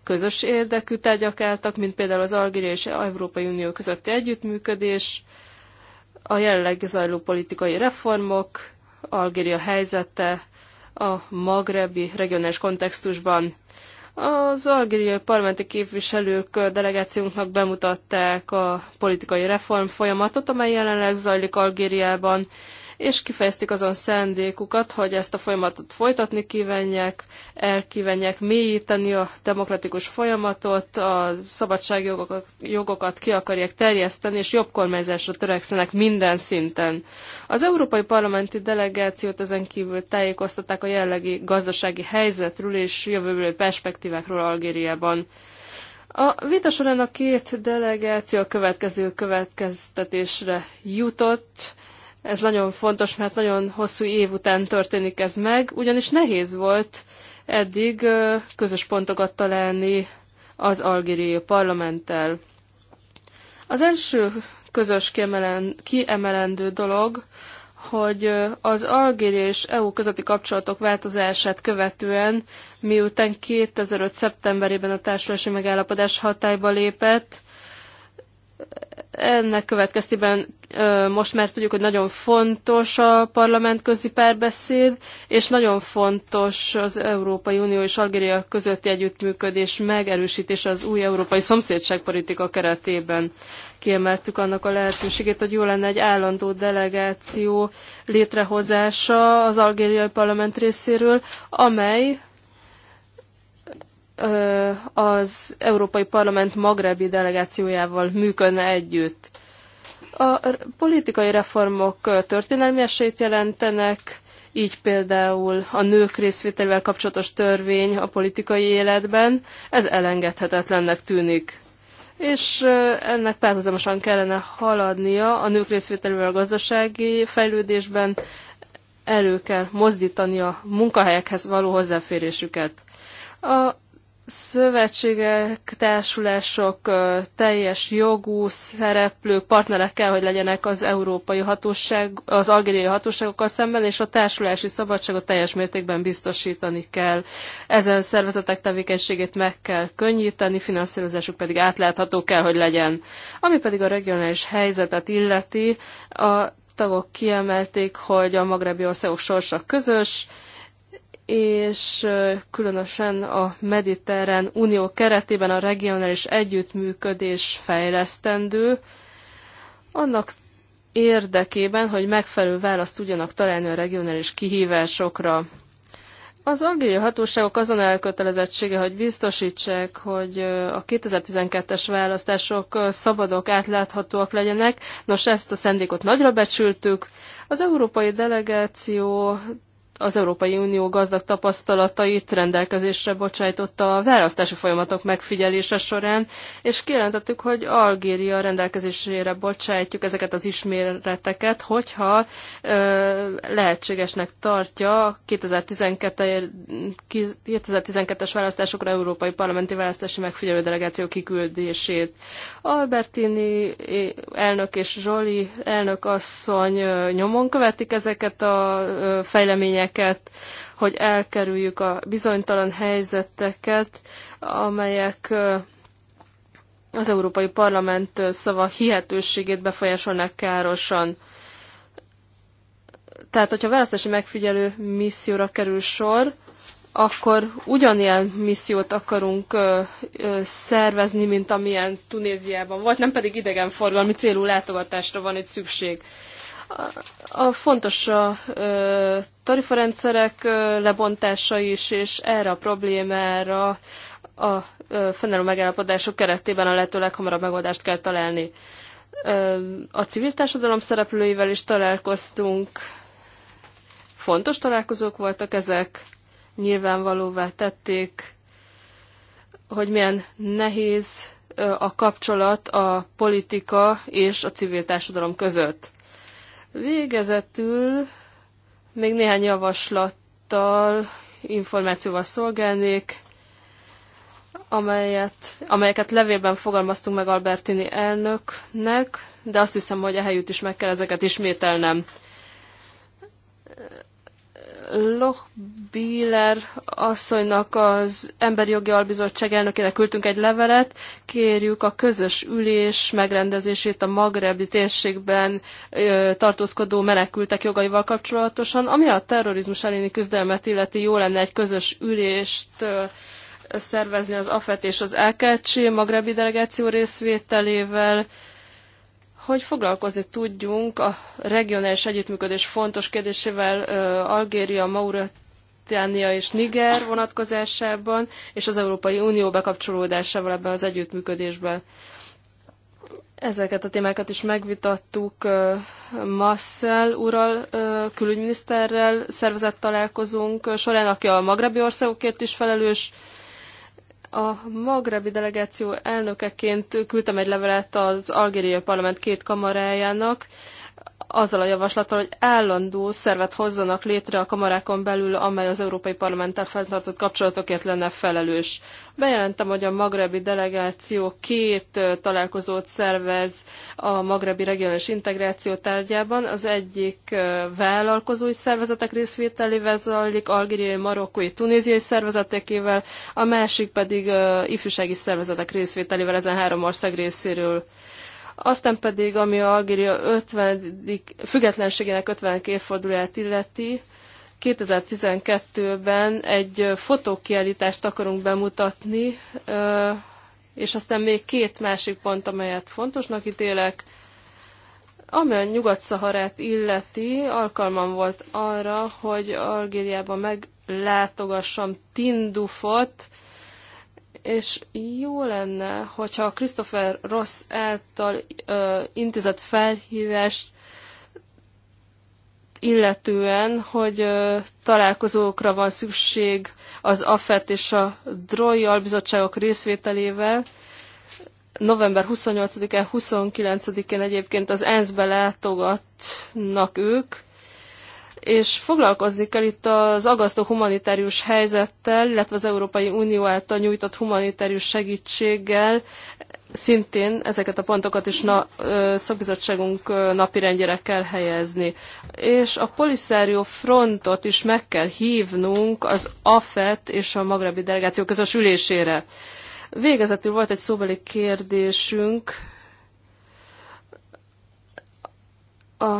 közös érdekű tárgyak álltak, mint például az Algéria és Európai Unió közötti együttműködés, a jelenleg zajló politikai reformok, Algéria helyzete a magrebi regionális kontextusban. Az algériai parlamenti képviselők delegációnknak bemutatták a politikai reform folyamatot, amely jelenleg zajlik Algériában, és kifejezték azon szándékukat, hogy ezt a folyamatot folytatni kívánják, elkívánják mélyíteni a demokratikus folyamatot, a szabadságjogokat jogokat ki akarják terjeszteni, és jobb kormányzásra törekszenek minden szinten. Az Európai Parlamenti Delegációt ezen kívül tájékoztatták a jellegi gazdasági helyzetről és jövőbeli perspektívákról Algériában. A vita során a két delegáció a következő következtetésre jutott. Ez nagyon fontos, mert nagyon hosszú év után történik ez meg, ugyanis nehéz volt eddig közös pontokat találni az algériai parlamenttel. Az első közös kiemelendő dolog, hogy az algéri és EU közötti kapcsolatok változását követően, miután 2005. szeptemberében a társulási megállapodás hatályba lépett, ennek következtében most már tudjuk, hogy nagyon fontos a parlamentközi párbeszéd, és nagyon fontos az Európai Unió és Algéria közötti együttműködés megerősítése az új európai szomszédságpolitika keretében. Kiemeltük annak a lehetőségét, hogy jó lenne egy állandó delegáció létrehozása az algériai parlament részéről, amely az Európai Parlament magrebi delegációjával működne együtt. A politikai reformok történelmi esélyt jelentenek, így például a nők részvételével kapcsolatos törvény a politikai életben, ez elengedhetetlennek tűnik. És ennek párhuzamosan kellene haladnia a nők részvételével a gazdasági fejlődésben, elő kell mozdítani a munkahelyekhez való hozzáférésüket. A szövetségek, társulások teljes jogú szereplők, partnerek kell, hogy legyenek az európai hatóság, az algériai hatóságokkal szemben, és a társulási szabadságot teljes mértékben biztosítani kell. Ezen szervezetek tevékenységét meg kell könnyíteni, finanszírozásuk pedig átlátható kell, hogy legyen. Ami pedig a regionális helyzetet illeti, a tagok kiemelték, hogy a magrebi országok sorsa közös, és különösen a Mediterrán Unió keretében a regionális együttműködés fejlesztendő, annak érdekében, hogy megfelelő választ tudjanak találni a regionális kihívásokra. Az algériai hatóságok azon elkötelezettsége, hogy biztosítsák, hogy a 2012-es választások szabadok, átláthatóak legyenek. Nos, ezt a szendékot nagyra becsültük. Az európai delegáció az Európai Unió gazdag tapasztalatait rendelkezésre bocsájtotta a választási folyamatok megfigyelése során, és kijelentettük, hogy Algéria rendelkezésére bocsájtjuk ezeket az ismereteket, hogyha ö, lehetségesnek tartja 2012, 2012-es választásokra Európai Parlamenti Választási Megfigyelő Delegáció kiküldését. Albertini elnök és Zsoli elnök asszony nyomon követik ezeket a fejleményeket, eredményeket, hogy elkerüljük a bizonytalan helyzeteket, amelyek az Európai Parlament szava hihetőségét befolyásolnak károsan. Tehát, hogyha választási megfigyelő misszióra kerül sor, akkor ugyanilyen missziót akarunk ö, ö, szervezni, mint amilyen Tunéziában volt, nem pedig idegenforgalmi célú látogatásra van itt szükség. A fontos a tarifarendszerek lebontása is, és erre a problémára a fennálló megállapodások keretében a lehető leghamarabb megoldást kell találni. A civil társadalom szereplőivel is találkoztunk, fontos találkozók voltak ezek, nyilvánvalóvá tették, hogy milyen nehéz a kapcsolat a politika és a civil társadalom között. Végezetül még néhány javaslattal, információval szolgálnék, amelyet, amelyeket levélben fogalmaztunk meg Albertini elnöknek, de azt hiszem, hogy helyütt is meg kell ezeket ismételnem. Loch Bieler asszonynak az Emberi Jogi Albizottság elnökének küldtünk egy levelet, kérjük a közös ülés megrendezését a Magrebi térségben ö, tartózkodó menekültek jogaival kapcsolatosan. Ami a terrorizmus elleni küzdelmet illeti, jó lenne egy közös ülést ö, szervezni az AFET és az LKC Magrebi delegáció részvételével, hogy foglalkozni tudjunk a regionális együttműködés fontos kérdésével Algéria, Mauritánia és Niger vonatkozásában, és az Európai Unió bekapcsolódásával ebben az együttműködésben. Ezeket a témákat is megvitattuk Masszel ural, külügyminiszterrel szervezett találkozunk során, aki a magrebi országokért is felelős, a magrebi delegáció elnökeként küldtem egy levelet az algériai parlament két kamarájának, azzal a javaslattal, hogy állandó szervet hozzanak létre a kamarákon belül, amely az Európai Parlamenttel fenntartott kapcsolatokért lenne felelős. Bejelentem, hogy a magrebi delegáció két találkozót szervez a magrebi regionális integráció tárgyában. Az egyik vállalkozói szervezetek részvételével zajlik, algériai, marokkói, tunéziai szervezetekével, a másik pedig ifjúsági szervezetek részvételével ezen három ország részéről. Aztán pedig, ami a Algéria 50. függetlenségének 50. évfordulóját illeti, 2012-ben egy fotókiállítást akarunk bemutatni, és aztán még két másik pont, amelyet fontosnak ítélek. Ami a Nyugat-Szaharát illeti, alkalmam volt arra, hogy Algériában meglátogassam Tindufot, és jó lenne, hogyha a Christopher Ross által ö, intézett felhívást illetően, hogy ö, találkozókra van szükség az AFET és a DROI albizottságok részvételével. November 28-án, 29-én egyébként az ENSZ-be látogatnak ők, és foglalkozni kell itt az agasztó humanitárius helyzettel, illetve az Európai Unió által nyújtott humanitárius segítséggel, szintén ezeket a pontokat is na, szakbizottságunk napirendjére kell helyezni. És a Polisario frontot is meg kell hívnunk az AFET és a Magrebi Delegáció közös ülésére. Végezetül volt egy szóbeli kérdésünk a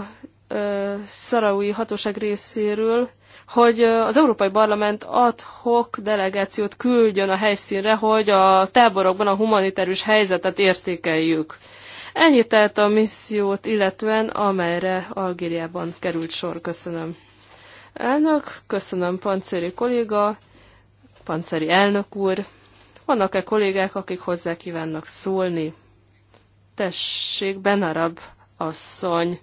szaraui hatóság részéről, hogy az Európai Parlament adhok delegációt küldjön a helyszínre, hogy a táborokban a humanitárius helyzetet értékeljük. Ennyi tehát a missziót illetően, amelyre Algériában került sor. Köszönöm. Elnök, köszönöm pancéri kolléga, pancéri elnök úr. Vannak-e kollégák, akik hozzá kívánnak szólni? Tessék, Benarab asszony.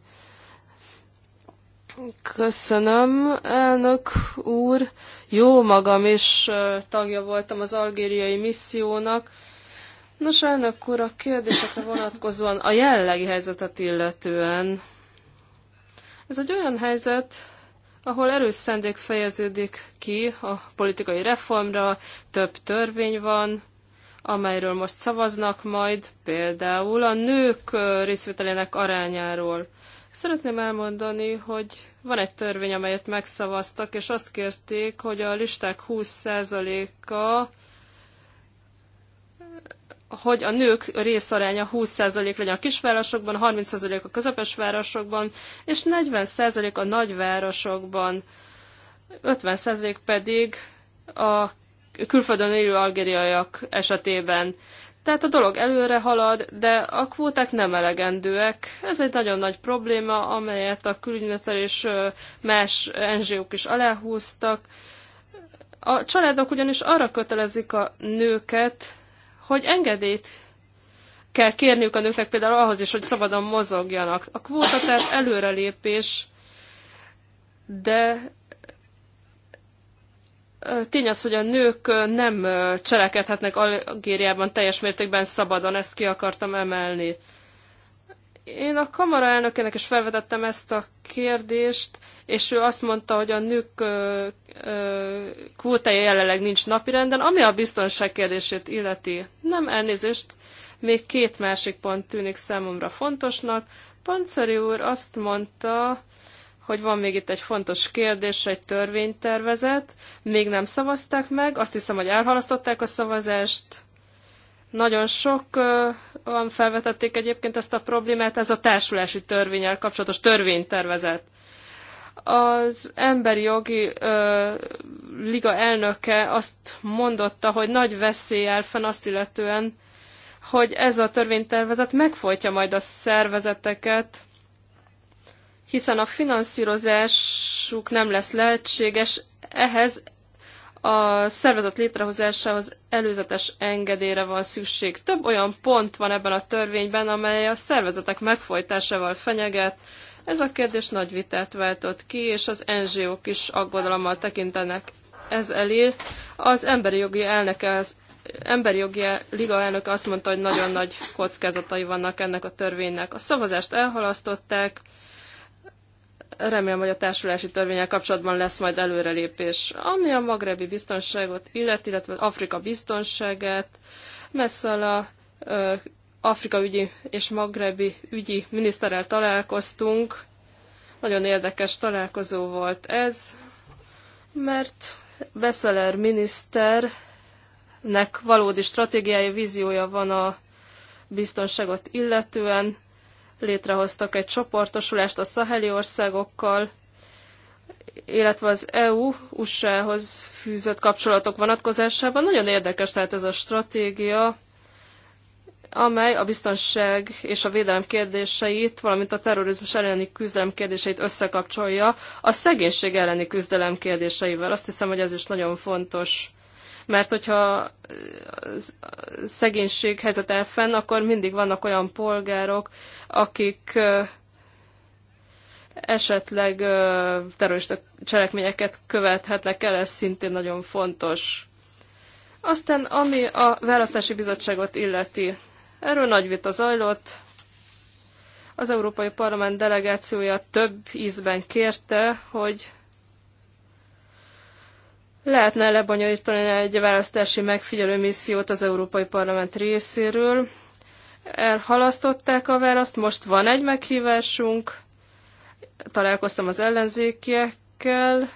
Köszönöm, elnök úr. Jó magam is tagja voltam az algériai missziónak. Nos, elnök úr, a kérdésekre vonatkozóan a jellegi helyzetet illetően. Ez egy olyan helyzet, ahol erős szendék fejeződik ki a politikai reformra, több törvény van, amelyről most szavaznak majd, például a nők részvételének arányáról. Szeretném elmondani, hogy van egy törvény, amelyet megszavaztak, és azt kérték, hogy a listák 20%-a hogy a nők részaránya 20% legyen a kisvárosokban, 30% a közepes városokban, és 40% a nagyvárosokban, 50% pedig a külföldön élő algériaiak esetében. Tehát a dolog előre halad, de a kvóták nem elegendőek. Ez egy nagyon nagy probléma, amelyet a külügyminiszter és más NGO-k is aláhúztak. A családok ugyanis arra kötelezik a nőket, hogy engedélyt kell kérniük a nőknek például ahhoz is, hogy szabadon mozogjanak. A kvóta tehát előrelépés, de Tény az, hogy a nők nem cselekedhetnek Algériában teljes mértékben szabadon, ezt ki akartam emelni. Én a kamara elnökének is felvetettem ezt a kérdést, és ő azt mondta, hogy a nők kvótája jelenleg nincs napirenden, ami a biztonság kérdését illeti. Nem elnézést, még két másik pont tűnik számomra fontosnak. Pancari úr azt mondta, hogy van még itt egy fontos kérdés, egy törvénytervezet. Még nem szavazták meg, azt hiszem, hogy elhalasztották a szavazást. Nagyon sokan felvetették egyébként ezt a problémát, ez a társulási törvényel kapcsolatos törvénytervezet. Az emberi jogi ö, liga elnöke azt mondotta, hogy nagy veszély áll fenn azt illetően, hogy ez a törvénytervezet megfojtja majd a szervezeteket, hiszen a finanszírozásuk nem lesz lehetséges, ehhez a szervezet létrehozásához előzetes engedélyre van szükség. Több olyan pont van ebben a törvényben, amely a szervezetek megfojtásával fenyeget. Ez a kérdés nagy vitát váltott ki, és az NGO-k is aggodalommal tekintenek ez elé. Az emberi jogi elnöke, az emberi jogi liga elnöke azt mondta, hogy nagyon nagy kockázatai vannak ennek a törvénynek. A szavazást elhalasztották, Remélem, hogy a társulási törvényel kapcsolatban lesz majd előrelépés. Ami a magrebi biztonságot illet, illetve Afrika biztonságát, a Afrika ügyi és magrebi ügyi miniszterrel találkoztunk. Nagyon érdekes találkozó volt ez, mert Beszeler miniszternek valódi stratégiai víziója van a biztonságot illetően, létrehoztak egy csoportosulást a szaheli országokkal, illetve az EU USA-hoz fűzött kapcsolatok vonatkozásában. Nagyon érdekes tehát ez a stratégia, amely a biztonság és a védelem kérdéseit, valamint a terrorizmus elleni küzdelem kérdéseit összekapcsolja a szegénység elleni küzdelem kérdéseivel. Azt hiszem, hogy ez is nagyon fontos mert hogyha szegénység helyzet elfenn, akkor mindig vannak olyan polgárok, akik esetleg terrorista cselekményeket követhetnek el, ez szintén nagyon fontos. Aztán, ami a választási bizottságot illeti, erről nagy vita zajlott, az Európai Parlament delegációja több ízben kérte, hogy lehetne lebonyolítani egy választási megfigyelő missziót az Európai Parlament részéről. Elhalasztották a választ, most van egy meghívásunk, találkoztam az ellenzékiekkel,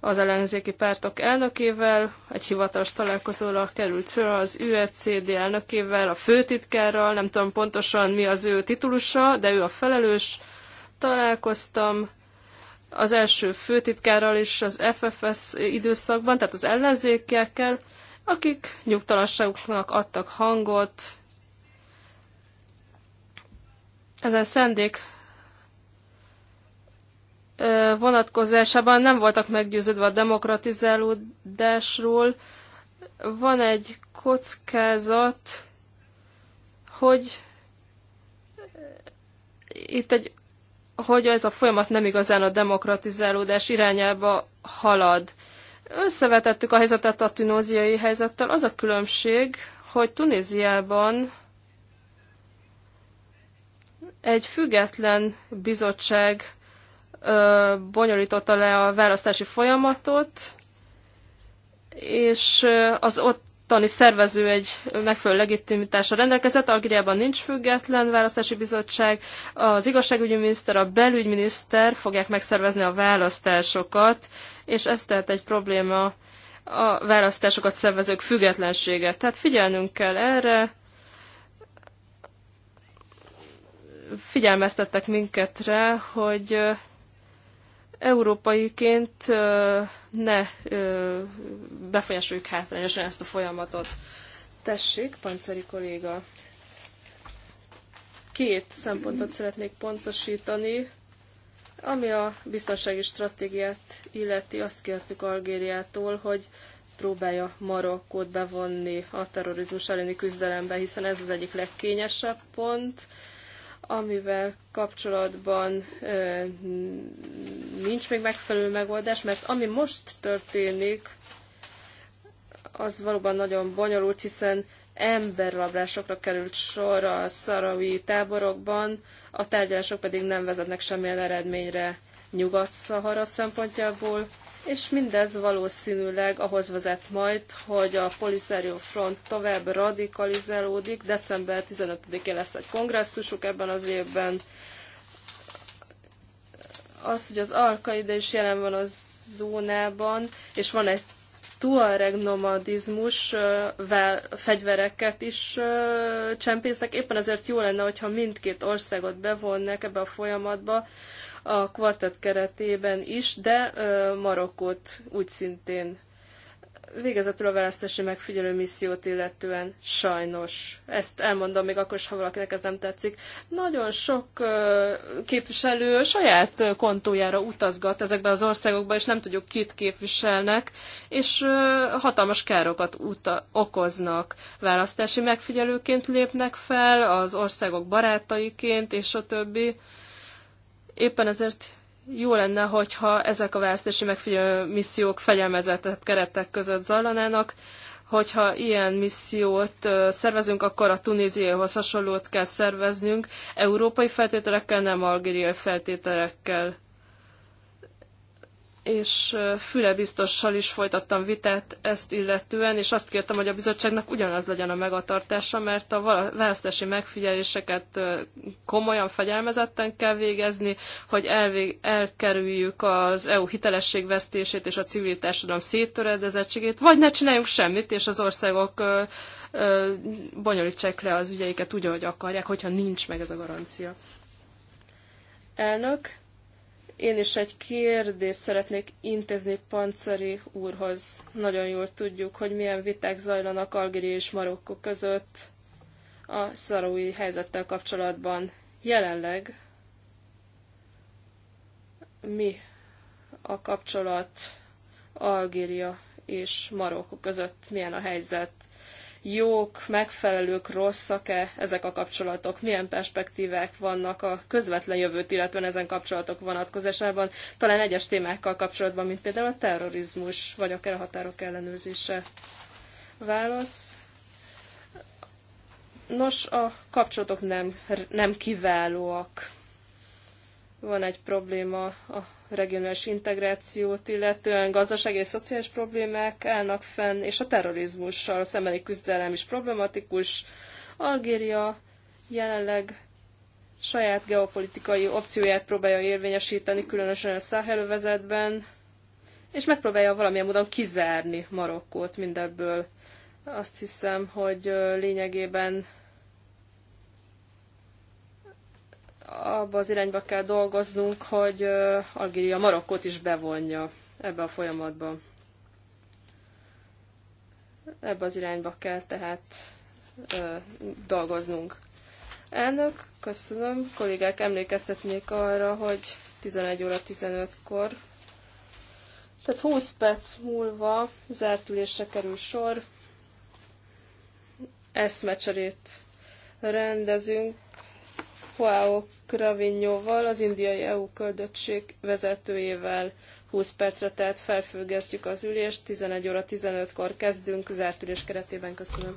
az ellenzéki pártok elnökével, egy hivatalos találkozóra került sor az UECD elnökével, a főtitkárral, nem tudom pontosan mi az ő titulusa, de ő a felelős. Találkoztam, az első főtitkárral és az FFS időszakban, tehát az ellenzékekkel, akik nyugtalanságuknak adtak hangot. Ezen szendék vonatkozásában nem voltak meggyőződve a demokratizálódásról. Van egy kockázat, hogy itt egy hogy ez a folyamat nem igazán a demokratizálódás irányába halad. Összevetettük a helyzetet a tunéziai helyzettel. Az a különbség, hogy Tunéziában egy független bizottság ö, bonyolította le a választási folyamatot, és az ott tani szervező egy megfelelő legitimitásra rendelkezett, Algériában nincs független választási bizottság, az igazságügyi miniszter, a belügyminiszter fogják megszervezni a választásokat, és ez tehát egy probléma a választásokat szervezők függetlensége. Tehát figyelnünk kell erre, figyelmeztettek minket rá, hogy európaiként ne befolyásoljuk hátrányosan ezt a folyamatot. Tessék, panceri kolléga. Két szempontot szeretnék pontosítani. Ami a biztonsági stratégiát illeti, azt kértük Algériától, hogy próbálja Marokkót bevonni a terrorizmus elleni küzdelembe, hiszen ez az egyik legkényesebb pont amivel kapcsolatban ö, nincs még megfelelő megoldás, mert ami most történik, az valóban nagyon bonyolult, hiszen emberrablásokra került sor a szarawi táborokban, a tárgyalások pedig nem vezetnek semmilyen eredményre Nyugat-Szahara szempontjából és mindez valószínűleg ahhoz vezet majd, hogy a Polisario Front tovább radikalizálódik. December 15-én lesz egy kongresszusuk ebben az évben. Az, hogy az alkaide is jelen van a zónában, és van egy tuareg nomadizmus fegyvereket is csempésznek. Éppen ezért jó lenne, hogyha mindkét országot bevonnák ebbe a folyamatba, a kvartett keretében is, de Marokkot úgy szintén végezetül a választási megfigyelő missziót illetően sajnos. Ezt elmondom még akkor is, ha valakinek ez nem tetszik. Nagyon sok képviselő saját kontójára utazgat ezekben az országokban és nem tudjuk kit képviselnek, és hatalmas károkat okoznak. Választási megfigyelőként lépnek fel, az országok barátaiként, és a többi. Éppen ezért jó lenne, hogyha ezek a választási megfigyelő missziók fegyelmezettebb keretek között zajlanának, hogyha ilyen missziót szervezünk, akkor a Tunéziához hasonlót kell szerveznünk, európai feltételekkel, nem algériai feltételekkel és Füle biztossal is folytattam vitát ezt illetően, és azt kértem, hogy a bizottságnak ugyanaz legyen a megatartása, mert a választási megfigyeléseket komolyan, fegyelmezetten kell végezni, hogy elvég, elkerüljük az EU hitelességvesztését és a civil társadalom széttöredezettségét, vagy ne csináljunk semmit, és az országok ö, ö, bonyolítsák le az ügyeiket úgy, ahogy akarják, hogyha nincs meg ez a garancia. Elnök, én is egy kérdést szeretnék intézni Panceri úrhoz. Nagyon jól tudjuk, hogy milyen viták zajlanak Algéria és Marokkó között a szarói helyzettel kapcsolatban. Jelenleg mi a kapcsolat Algéria és Marokkó között, milyen a helyzet? jók, megfelelők, rosszak-e ezek a kapcsolatok, milyen perspektívák vannak a közvetlen jövőt, illetve ezen kapcsolatok vonatkozásában, talán egyes témákkal kapcsolatban, mint például a terrorizmus, vagy akár a határok ellenőrzése. Válasz. Nos, a kapcsolatok nem, nem kiválóak. Van egy probléma a regionális integrációt, illetően gazdasági és szociális problémák állnak fenn, és a terrorizmussal szembeni küzdelem is problematikus. Algéria jelenleg saját geopolitikai opcióját próbálja érvényesíteni, különösen a Száhelövezetben, és megpróbálja valamilyen módon kizárni Marokkót mindebből. Azt hiszem, hogy lényegében abba az irányba kell dolgoznunk, hogy Algéria Marokkot is bevonja ebbe a folyamatba. Ebbe az irányba kell tehát dolgoznunk. Elnök, köszönöm. Kollégák emlékeztetnék arra, hogy 11 óra 15-kor, tehát 20 perc múlva zárt ülésre kerül sor. Eszmecserét rendezünk Joao Cravignóval, az indiai EU köldöttség vezetőjével 20 percre, tehát felfüggesztjük az ülést, 11 óra 15-kor kezdünk, zárt ülés keretében köszönöm.